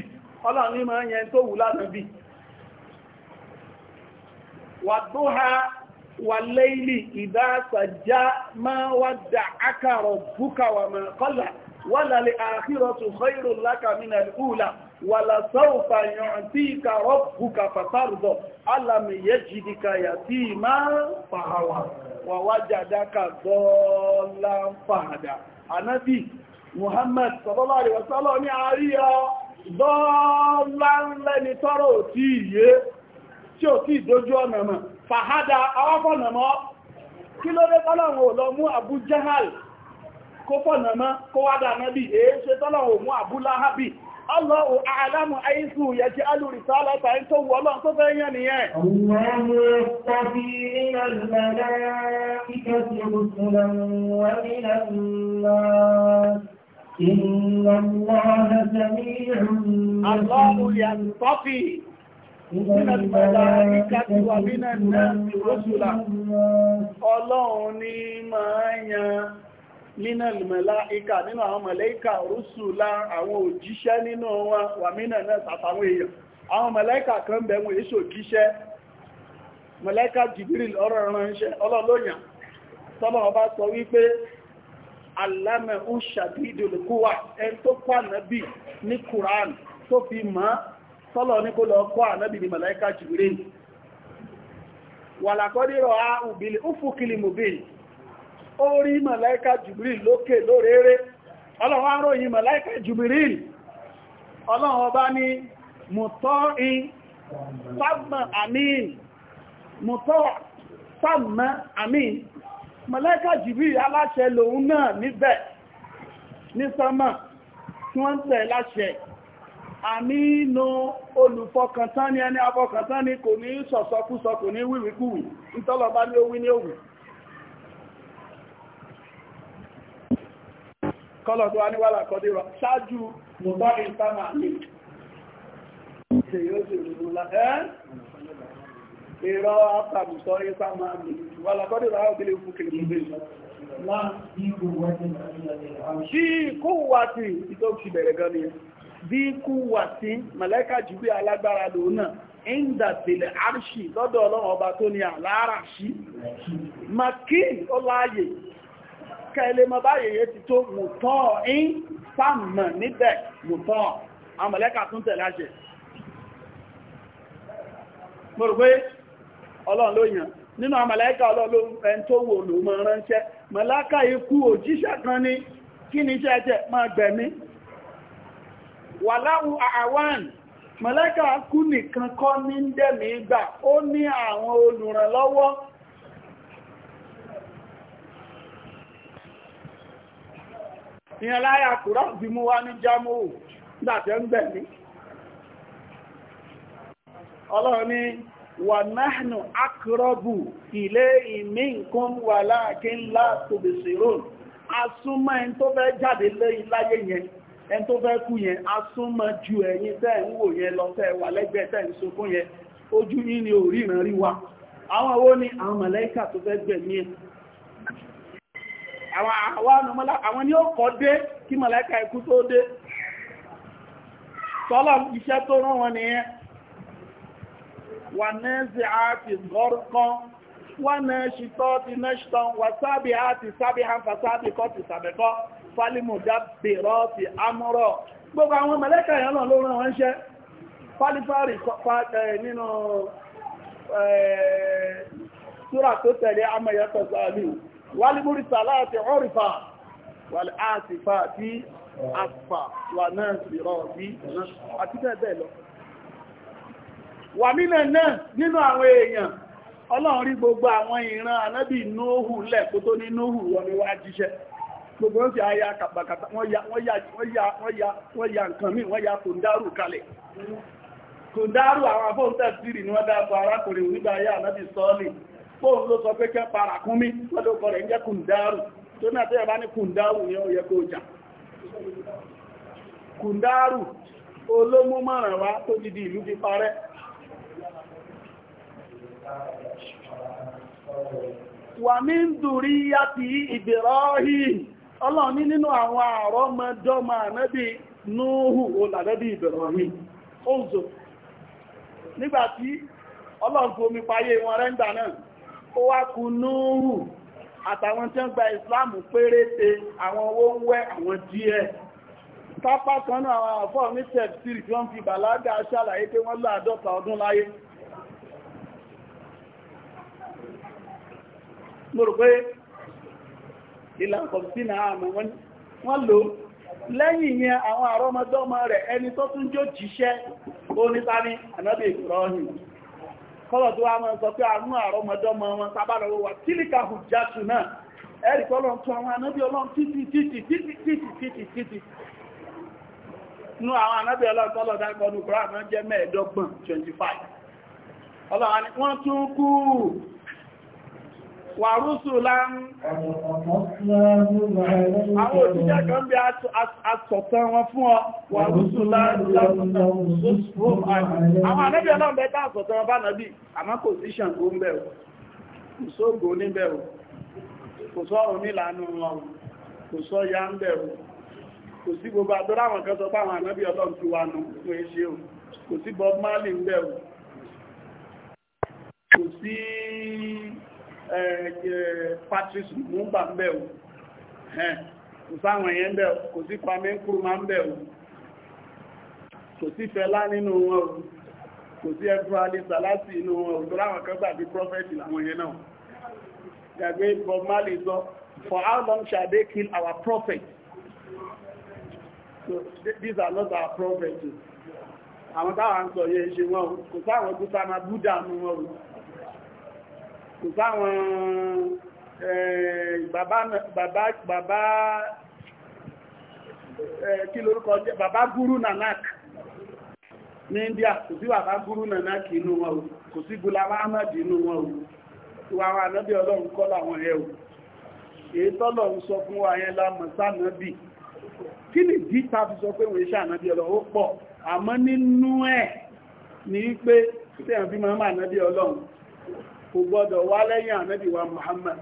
ọlọ́run ní mọ̀ yẹn tó wù lánàá bì wàdúhà wàlẹ́ìlì ìdá sàjá máa wàdà ákàrọ̀ búkà wà máa kọ́là wàlàlẹ̀ àkírọ̀tù khairu laka minal ula ولسوف يعطيك ربك فترضى ألم يجدك يتيما فهوى ووجدك ضالا فهدى النبي محمد صلى الله عليه وسلم ní àríyá ضالا lẹ́ni tí ò tí ìdójú ọ̀nà mọ̀ fàhádà awáfọ̀nà mọ́ kí ló dé tọ́lọ̀wọ̀ lọ mú Abu Jahal kó fọ̀nà mọ́ kó wá dà bí èé tọ́lọ̀wọ̀ mú Abu Lahabi Allahu a'lamu àìsù yẹ̀kí inna Allaha sami'un. Allahu yastafi من الملائكة ومن الناس رسلا ọlọ́run ní máa yan nínà mẹ́láìkà nínú àwọn mẹ́láìkà rúsùlá àwọn òjíṣẹ́ nínú wọn wà mínà náà sàtàwọn èèyàn àwọn mẹ́láìkà kan bẹ̀ wọ́n èso jíṣẹ́ mẹ́láìkà Jibril ọ̀rọ̀ ránṣẹ́ ọlọ́lọ́yàn tọ́bọ̀ ọba sọ wípé alámẹ̀ ń ṣàdídìlùkúwà ẹn tó pànàbì ní Kùránì tó fi máa tọ́lọ̀ ní kó lọ kọ́ ànábì ní màláíkà Jibril wàlàkọ́dírọ̀ a òbílì ó fòkìlì mòbílì ó rí màláíkà Jibril lókè lóréré ọlọ́wọ́ aróyìn malaika Jibril ọlọ́wọ́ bá ní mùtọ́in sàmà àmín mùtọ́ sàmà àmín màláíkà Jibril aláṣẹ lòun náà níbẹ̀ ní sánmà tí wọ́n ń tẹ̀ láṣẹ àmínú olùfọkàntán ni ẹni afọkàntán ni kò ní sọ̀sọ̀kúsọ kò ní wíwíkúwì nítọ́lọ̀bá ní owí ní òwì kọ́lọ̀ tó wá ṣáájú mọ̀bá ìtàmà ní ìrọ̀ àtàbùsọ̀ ìtàmà ní wàlà kọ́dírọ̀ bí kú wà sí màláíkà Jibril alágbára lòun náà ìndàtìlẹ̀ àrṣì lọ́dọ̀ ọlọ́run ọba tó ní àláràṣí makin ọláyè kẹlẹ̀ mọ báyẹ̀yẹ ti tó mùtọ́ in sàmà níbẹ̀ mùtọ́ àmàlẹ́kà tún tẹ̀lé àṣẹ mo rò pé ọlọ́run ló yàn nínú àmàlẹ́kà ọlọ́run ẹni tó wò lò mọ̀ ránṣẹ́ màláíkà ikú òjíṣẹ́ kan ní kí ni iṣẹ́ jẹ́ máa gbẹ̀mí wàláwù àwọn mọ̀lẹ́kà kú nìkan kọ́ ní dẹ̀mí ìgbà ó ní àwọn olùrànlọ́wọ́ ìyẹn kùrọ̀ bí mú wá ní jámù dàtẹ́ ń ní ọlọ́rọ̀ ni wà náà akọrọ̀bù ilé ìmí nǹkan wà asúnmọ́ ẹni tó ẹni tó fẹ́ kú yẹn a súnmọ́ ju ẹ̀yin tẹ́ ń wò yẹn lọ tẹ́ wà lẹ́gbẹ̀ẹ́ tẹ́ ń sunkún yẹn ojú yín ni òríran rí wa àwọn owó ni àwọn mọ̀lẹ́kà tó fẹ́ gbẹ̀mí ẹ̀ àwọn ni ó kọ́ dé kí mọ̀lẹ́kà ikú tó dé tọ́lọ̀ iṣẹ́ tó rán wọn nìyẹn wà nẹ́ẹ̀sì àti gọ́rùkan wà nẹ́ẹ̀ṣìtọ́ ti nẹ́ṣìtọ́ wà sábì àti sábì hàn fà sábì kọ́ ti sàbẹ̀kọ́ fálímù dábèrọ ti amúrọ̀ gbogbo àwọn mẹ́lẹ́kà ìyànà ló rán wọ́n ṣẹ́ fálífàrí nínú ṣúra tó tẹ̀lé amẹ́yẹ́tọ̀ sáàlì wálímúrí sàláàtì ọrìfà wàlẹ̀ àtìfà tí àfà wà náà sírọ̀ sí àti ọlọ́run rí gbogbo àwọn ìran ànábì nóòhù lẹ̀ kó tó ní nóòhù wọ́n ni wá jíṣẹ́ gbogbo wọn sì ya kàbàkàtà wọ́n ya wọ́n ya ya wọ́n ya wọ́n ya nǹkan wọ́n ya kòndárù kalẹ̀ kòndárù àwọn afọ́ǹtẹ̀ sírì ni wọ́n dáàbò arákùnrin onígbà ayé ànábì sọ́ọ̀lì fóun ló sọ pé kẹ́ parakún mi wọ́n rẹ̀ ń jẹ́ kòndárù tó náà bá ní kòndárù ó yẹ kó jà kòndárù olómú ọlọ́run ní nínú àwọn àrọ́mọdọ́mọ ànábì núhù olàdẹ́bì Ibrahim oúnjò nígbàtí ọlọ́run kò mi payé wọn rẹ́ngbà náà ó wá kú núhù àtàwọn tí ó gba Islam péréte àwọn owó ń wẹ́ àwọn díẹ̀ pápá kan náà àwọn àfọ́ ní tẹ̀sírì tí wọ́n fi bàlágà ṣàlàyé pé wọ́n mo rò pé ìlànkọ̀sínà àmọ́ wọ́n lò lẹ́yìn yẹn àwọn àrọ́mọdọ́mọ rẹ̀ ẹni tó tún jó jíṣẹ́ onítàní ànábì Ibrahim kọ́lọ̀ tó wá mọ́ sọ pé àánú àrọ́mọdọ́mọ wọn sábàlọ́wọ́ wà tílíkà hùjátù náà ẹ̀rì tún àwọn ànábì ọlọ́run títí títí wàrúsùlá àwọn òjíṣẹ́ kan bí asọ̀tàn wọn fún ọ wàrúsùlá àwọn ànábì ọlọ́run bẹ́ tá asọ̀tàn wọn bá nàbí àmá kò sí ṣàǹkó ń bẹ̀rù kò sóògùn ní bẹ̀rù kò sọ onílànà wọn kò sọ ya ń bẹ̀rù kò sí gbogbo àdúrà àwọn kan sọ pé àwọn ànábì ọlọ́run ti wà nù fún eṣe o kò sí Bob Marley ń bẹ̀rù kò sí Patrice Lumumba ń bẹ̀ o sáwọn èèyàn bẹ̀ kò sí Kwame Nkrumah ń bẹ̀ kò sí Fẹlá nínú wọn o kò sí ẹgbẹ́ alisa láti inú wọn ò tọ́lá àwọn kẹgbà bí prọfẹ́tì láwọn yẹn náà gbàgbé Bob Marley sọ for how long shall they kill our prophet so these are not our prophets àwọn táwọn sọ yẹn ṣe wọn o kò sáwọn gúsánà Buddha nínú wọn o kò sáwọn eh, bàbá eh, kí lórúkọ nanak ní India kò sí bàbá nanak inú wọn o kò sí gulama ahmed inú wọn o àwọn ọlọ́run kọ́ láwọn ẹ̀ o èyí tọ́lọ̀ ń sọ fún wa yẹn lámọ̀ kí ni fi sọ pé wọ́n iṣẹ́ ànábí ọlọ́run ó pọ̀ àmọ́ nínú ẹ̀ ní pé kò gbọ́dọ̀ wá lẹ́yìn ànábì wa Muhammad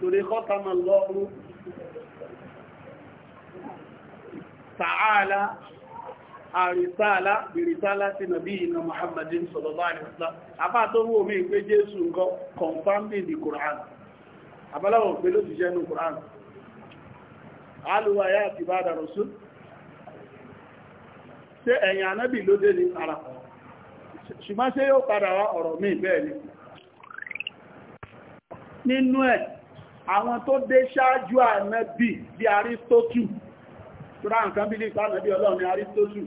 torí kọ́tàmà lọ́rú tààlá àrìsáàlá bìrìsáàlá sí nàbí ìnà Muhammadin sallallahu alaihi wasallam ti bá dàrọ̀ sún ṣé ẹ̀yìn ànábì ló dé ní ara ṣùgbọ́n ṣé yóò padà wá ọ̀rọ̀ míì bẹ́ẹ̀ ni nínú ẹ̀ àwọn tó dé ṣáájú ànábì bí aristótù tó rá nǹkan bí ní ipá ànábì ọlọ́run ní aristótù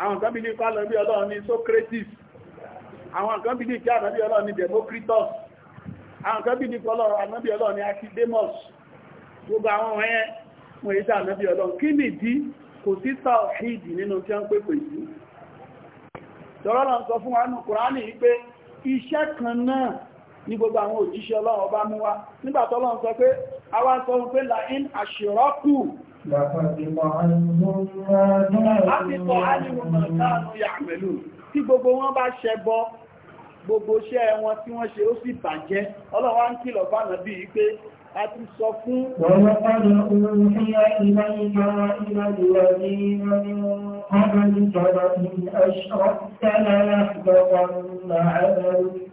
àwọn nǹkan bí ní ipá ànábì ọlọ́run ní sócrates àwọn nǹkan bí ní ipá ànábì ọlọ́run ní democritus àwọn nǹkan bí ní ipá ànábì ọlọ́run ní akidemus gbogbo àwọn ọ̀hẹ́ wọ́n èyí sí ànábì ọlọ́run kí nìdí kò sí tàwhídì nínú tí wọ́n pè pè sí tọ́rọ náà sọ fún wa nù kùránì wípé iṣẹ́ kan náà ní gbogbo àwọn òjíṣẹ́ ọlọ́run ọba mú wa nígbà tọ́lọ́run sọ pé àwa sọ pé la'in àṣírọ́kù tí gbogbo wọn bá ṣẹbọ gbogbo iṣẹ́ wọn tí wọ́n ṣe ó sì bàjẹ́ ọlọ́run wá ń kìlọ̀ fánà bíi pé ولقد أوحي إليك وإلى الذين من قبلك لئن أشركت ليحبطن عملك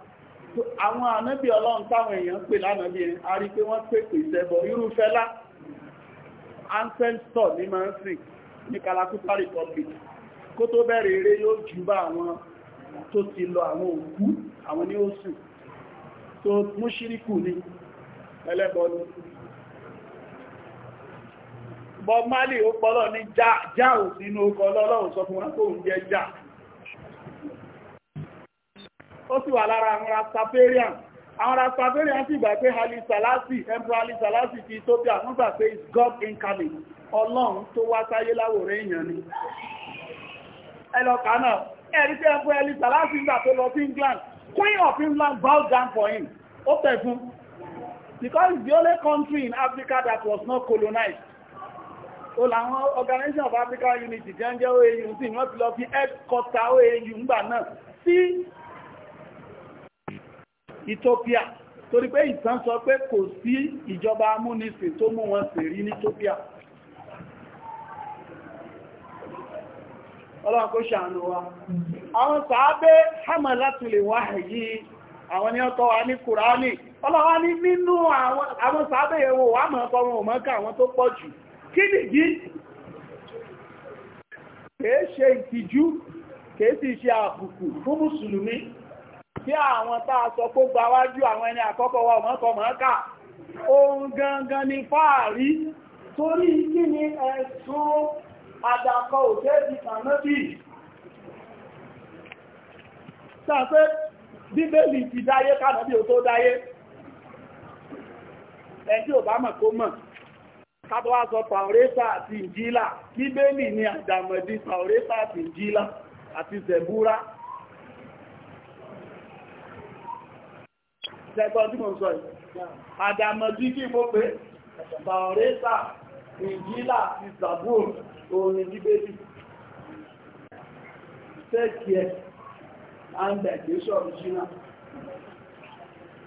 àwọn ànábì ọlọ́run táwọn èèyàn pè lánàbí ẹn a rí pé wọ́n pèpè ìṣẹ́bọ̀ irúfẹ́ lá ancestor ní ma ń sìn ní Kalakuta Republic kó tó bẹ̀rẹ̀ eré yóò àwọn tó ti lọ àwọn òkú àwọn ní oṣù tó mú ṣíríkù ní Bob Marley ó pọ́lọ̀ ní já ọkọ̀ ọlọ́run ó sì wà lára àwọn rastafarian àwọn rastafarian sì gbà pé halisalasi emperor halisalasi ti Ethiopia wọ́n gbà pé is God incarnate ọlọ́run tó wá sáyé láwòrán èèyàn ni ẹlọ́ka náà ẹ̀rí tí ẹ̀fọ́ halisalasi gbà tó lọ sí England Queen of England bowed down for him ó tẹ̀ fún because it's the only country in Africa that was not colonized ó làwọn organisation of African Unity jẹ́ ń jẹ́ OAU tí wọ́n ti lọ fi headquarter OAU ńgbà náà sí Ethiopia torí pé ìtàn sọ pé kò sí ìjọba amúnisìn tó mú wọn ṣèrí ní Ethiopia ọlọ́run kó ṣàánú wa àwọn sàábé hàmà láti lè wá èyí àwọn ni ó tọ́ wa ní kùránì ọlọ́wà ní nínú àwọn sàábé ẹwọ wà mọ̀ ọkọrùn ún mọ́ká àwọn tó pọ̀ jù kí nìdí kèé ṣe ìtìjú kèé sì ṣe àbùkù fún mùsùlùmí tí àwọn táa sọ kó gbáwájú àwọn ẹni àkọ́kọ́ wa mọ́kọ̀ mọ́ká ohun gangan ni fáàrí torí kí ni ẹ̀sùn àdàkọ òtẹ́bì kànáàbì sàfẹ́ bíbélì ti dáyé kànáàbì ò tó dáyé ẹ̀tí ò bá mọ̀ kó mọ̀ kátọ́wà sọ pàórẹ́sà àti ìjìlá bíbélì ni àdàmọ̀dì pàórẹ́sà àti ìjìlá àti zẹ̀búrá Ṣẹ́gbọ́n tí mo ń sọ yìí. Àdàmọ̀dí kí mo pé, Bàọ̀rẹ́sà, Ìjìlá, Ìsàbò, orin bíbélì. Tẹ́kì ẹ̀, Andẹ̀gbéṣọ̀ Ìjìlá.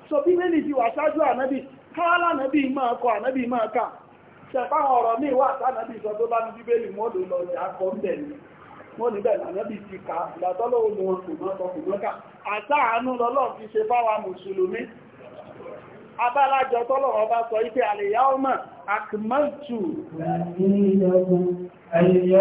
So bíbélì ti wà ṣáájú ànábì, káwálà ànábì máa kọ ànábì máa kà. Ṣẹ̀fá ọ̀rọ̀ ní ìwà àtànábì sọ tó bá ní bíbélì mọ́lò lọ jà kọ́ ń bẹ̀ ni. Wọ́n níbẹ̀ ànábì ti kà, ìgbàtọ́lọ́wọ́ ni wọn kò mọ́ àtàánú lọ́lọ́ fi ṣe fáwa mùsùlùmí abálájọ tọ́lọ̀wọ́ bá sọ ipé àlèyà ọmọ akmọ́tù lójú àgbẹ̀bí ìgbà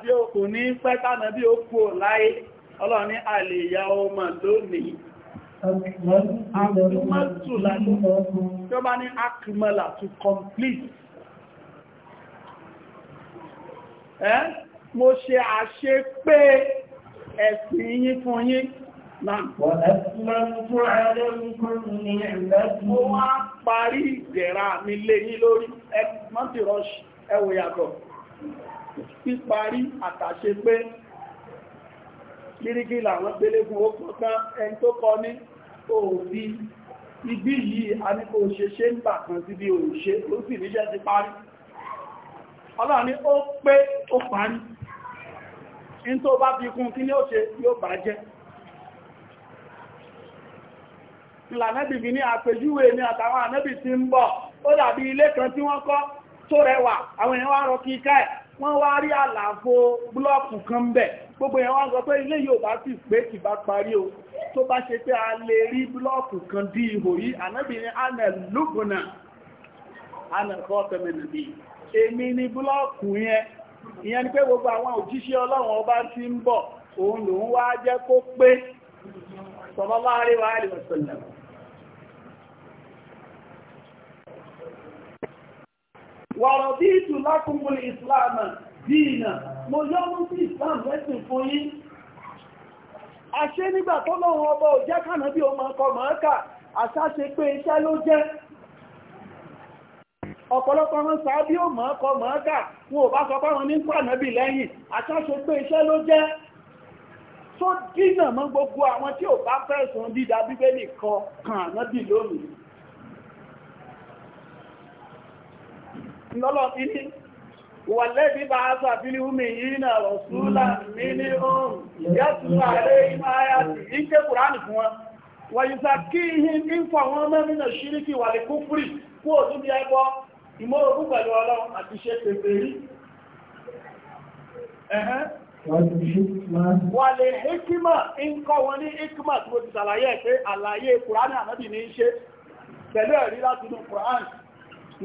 tí ó kò ní pẹ́tànà bí ó láyé ọlọ́ni àlèyà ọmọ lónìí Àkùmọ́tù lálú, tí ó bá ní àkùmọ́là to complete. Eh? mo ṣe àṣẹ pé ẹ̀sìn yín fún yín náà. Wọ́n Mo wá parí ìdẹ̀ra mi lé yín lórí ẹ̀mọ́tì rọ́ṣì ẹwò yàtọ̀. Píparí àtàṣe pé, kíríkí làwọn gbélégún ó pọ̀ òbí igbí yìí a ní kò ṣe ṣe ń bà kan sí bí o ṣe ó sì níṣẹ́ ti parí ọlọ́run ni ó pé ó parí in tó bá fi kún kí ní ó ṣe yóò bà jẹ́ ìlànẹ́bì mi ní àpèjúwe ní àtàwọn ànẹ́bì tí ń bọ̀ ó dàbí ilé kan tí wọ́n kọ́ tó rẹwà àwọn èèyàn wá rọ kíká ẹ̀ wọ́n wá rí àlàfo búlọ́ọ̀kù kan bẹ̀ gbogbo èèyàn wá sọ pé ilé yóò bá sì pé kì bá parí o tó bá ṣe pé a lè rí búlọ́ọ̀kù kan dí ihò yìí ànábìnrin anà lùgbọ̀nà anà kọ́tẹ̀mẹ̀nàbí èmi ni búlọ́ọ̀kù yẹn ìyẹn ni pé gbogbo àwọn òjíṣẹ́ ọlọ́run ọba ti ń bọ̀ òun lòun wá jẹ́ kó pé sallallahu alaihi wa àṣé nígbà tó lọ́wọ́ ọba ò jẹ́ kànà bí ọmọ ọkọ̀ màákà àṣáṣe pé iṣẹ́ ló jẹ́ ọ̀pọ̀lọpọ̀ wọn sàábí ò mọ̀ ọkọ̀ màákà wọn ò bá sọ pé wọn ní pànàbì lẹ́yìn àṣáṣe pé iṣẹ́ ló jẹ́ tó dínà mọ́ gbogbo àwọn tí ò bá fẹ̀sùn dídá bíbélì kan kàn والذي بعث في الأميين رسولا منهم يتلو عليهم آياته إنك قرآن فوا ويزكيهم إن فهم من الشرك والكفر kó o tún bí ẹbọ ìmọ̀ ogún pẹ̀lú ọlọ́run àti ṣe pèpè rí wà lè hikima ń kọ́ wọn ní hikima tí mo ti ṣàlàyé pé àlàyé kùránì Ó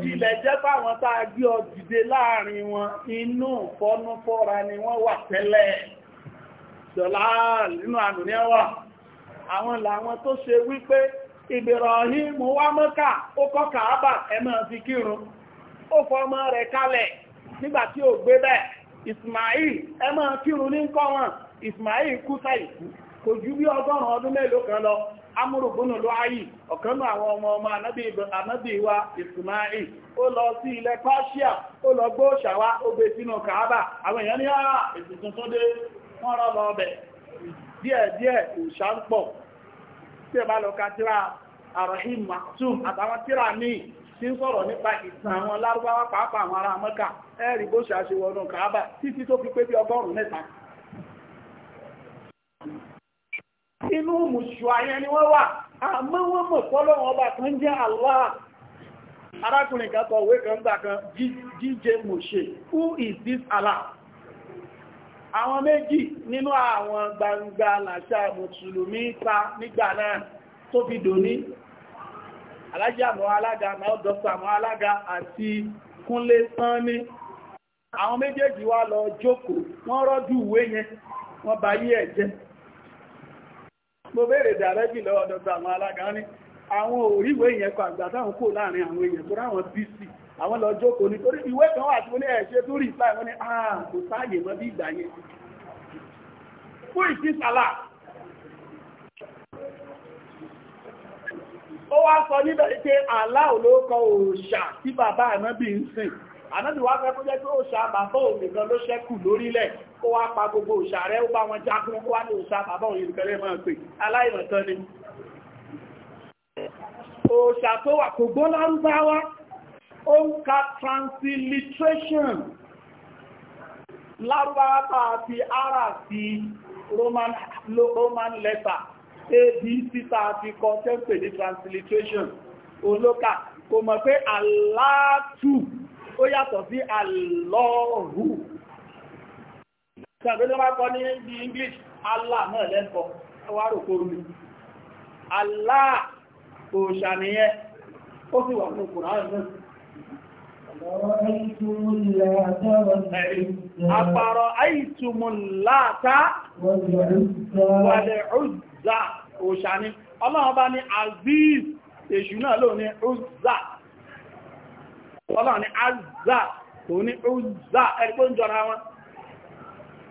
tilẹ̀ jẹ́ báwọn táa gbé ọ dìde láàrin wọn, inú fọ́nú fọ́ra ni wọ́n wà tẹ́lẹ̀. Ṣọ̀lá nínú àmì ní ẹwà, àwọn làwọn tó ṣe wípé Ibrahim wá Mọ́kà, ó kọ́ Kàábà ẹmọ́ fi kírun. Ó fọmọ rẹ̀ kalẹ̀ nígbàtí ò gbé bẹ́ẹ̀. Ismail ẹmọ́ kírun ní kọ́ wọn, Ismail kú sáìkú. kò ju bí ọgọ́rùn-ún ọdún mélòó kan lọ amúrùgbónà ló ayì ọ̀kanú àwọn ọmọ ọmọ anábì wa ó lọ sí ilẹ̀ Persia ó lọ gbó ṣàwá ó sínú Kaaba àwọn èèyàn ní àà ah, tuntun dé wọ́n rọ́ lọ ọbẹ̀ díẹ̀díẹ̀ ń sọ̀rọ̀ nípa ìtàn àwọn pàápàá àwọn ará ẹ̀rì bó inú mùsùn àyẹn ni wọ́n wà àmọ́ wọ́n mọ̀ pọ́lọ́wọ́ ọba kan jẹ́ Allah arákùnrin kan kọ òwe kan gbà kan DJ Moshe who is this Allah àwọn méjì nínú àwọn gbangba làṣà mùsùlùmí ta nígbà náà tó fi dòní alájá mọ́ alága náà dọ́kítà mọ́ alága àwọn méjèèjì wá lọ jókòó wọ́n rọ́jú ìwé yẹn wọ́n bá yí ẹ̀ jẹ́ mo béèrè dàrẹ́jì lọ́wọ́ dọ́ta àwọn alága ní àwọn òríwé ìyẹn kọ àgbà táwọn kò láàrin àwọn èèyàn tó ráwọn bc àwọn lọ jókòó nítorí ìwé kan wà tí ó ní ẹ̀ṣẹ́ tó rí wọ́n ní àà kò sáàyè mọ́ bí ìgbà yẹn fún sọ tí ó wá pa gbogbo òṣà rẹ̀ ó bá wọn jágún ó wá ní òṣà bàbá òyìn máa pè aláìmọ̀tán ni òṣà tó wà kò gbọ́ lárúbáwá ó ń ka transliteration lárúbáwá tá ara sí roman roman letter abc tá a fi kọ tẹ́ǹpẹ̀ transliteration olóka kò mọ̀ pé aláàtù ó yàtọ̀ sí alọ́ọ̀hù sàbẹ́lẹ́ wá kọ́ English Allah náà lẹ́kọ́ wá rò kó rú Allah òòṣà nìyẹn ó sì wà ní Kùránì náà Àpàrọ̀ àìtùmùn láta wàlẹ̀ ọ̀zà òṣà ni. Ọlọ́run bá ní Aziz, èṣù náà ló ní ọ̀zà. Ọlọ́run ní Azà, tó ní ọ̀zà, ẹ̀rí pé wọn.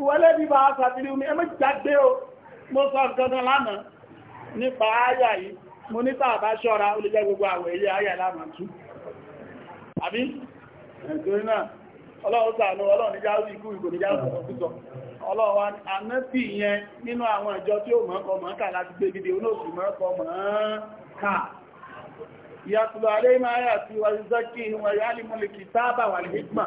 ìwọlẹ́bí bá sàbílì omi ẹmọ́ jáde o mo sọ gangan lánàá nípa ayà yìí mo ní tàbá ṣọ́ra ó lè jẹ́ gbogbo àwẹ̀ ilé ayà lánàá tú àbí ẹ̀gbẹ̀rẹ̀ náà ọlọ́run tí ó mọ́kọ mọ́kà láti gbé gidi olóòsù mọ́kọ mọ́kà ìyàtùlọ̀ àrẹ́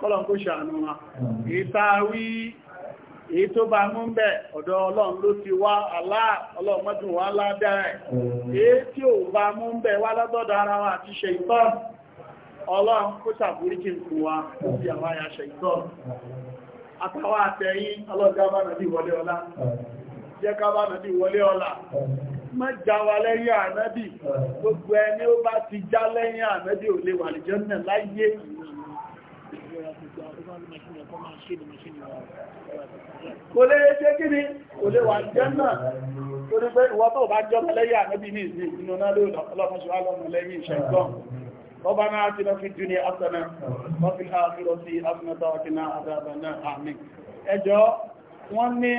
kọ́lọ̀n kó ṣàánú wa ìta wí èyí tó bá mú bẹ̀ ọ̀dọ̀ ọlọ́run ló ti wá aláà ọlọ́mọdún wá lábẹ́rẹ̀ èyí tí ò bá mú bẹ̀ wá lọ́dọ̀dọ̀ ara wa àti ṣe ìtọ́n ọlọ́run wa gbogbo ẹni ó bá ti já lẹ́yìn ànábì ò lè wà kò lè ṣe kí ni kò lè wà jẹ́ náà tó ní pé ìwọ tó bá jọ́ lẹ́yìn àmẹ́bí ní ìsìn inú náà ló lọ́fọ́ṣọ́ alọ́mù lẹ́yìn ìṣẹ́gbọ́n ربنا آتنا في الدنيا حسنة وفي الآخرة حسنة وقنا wọ́n ní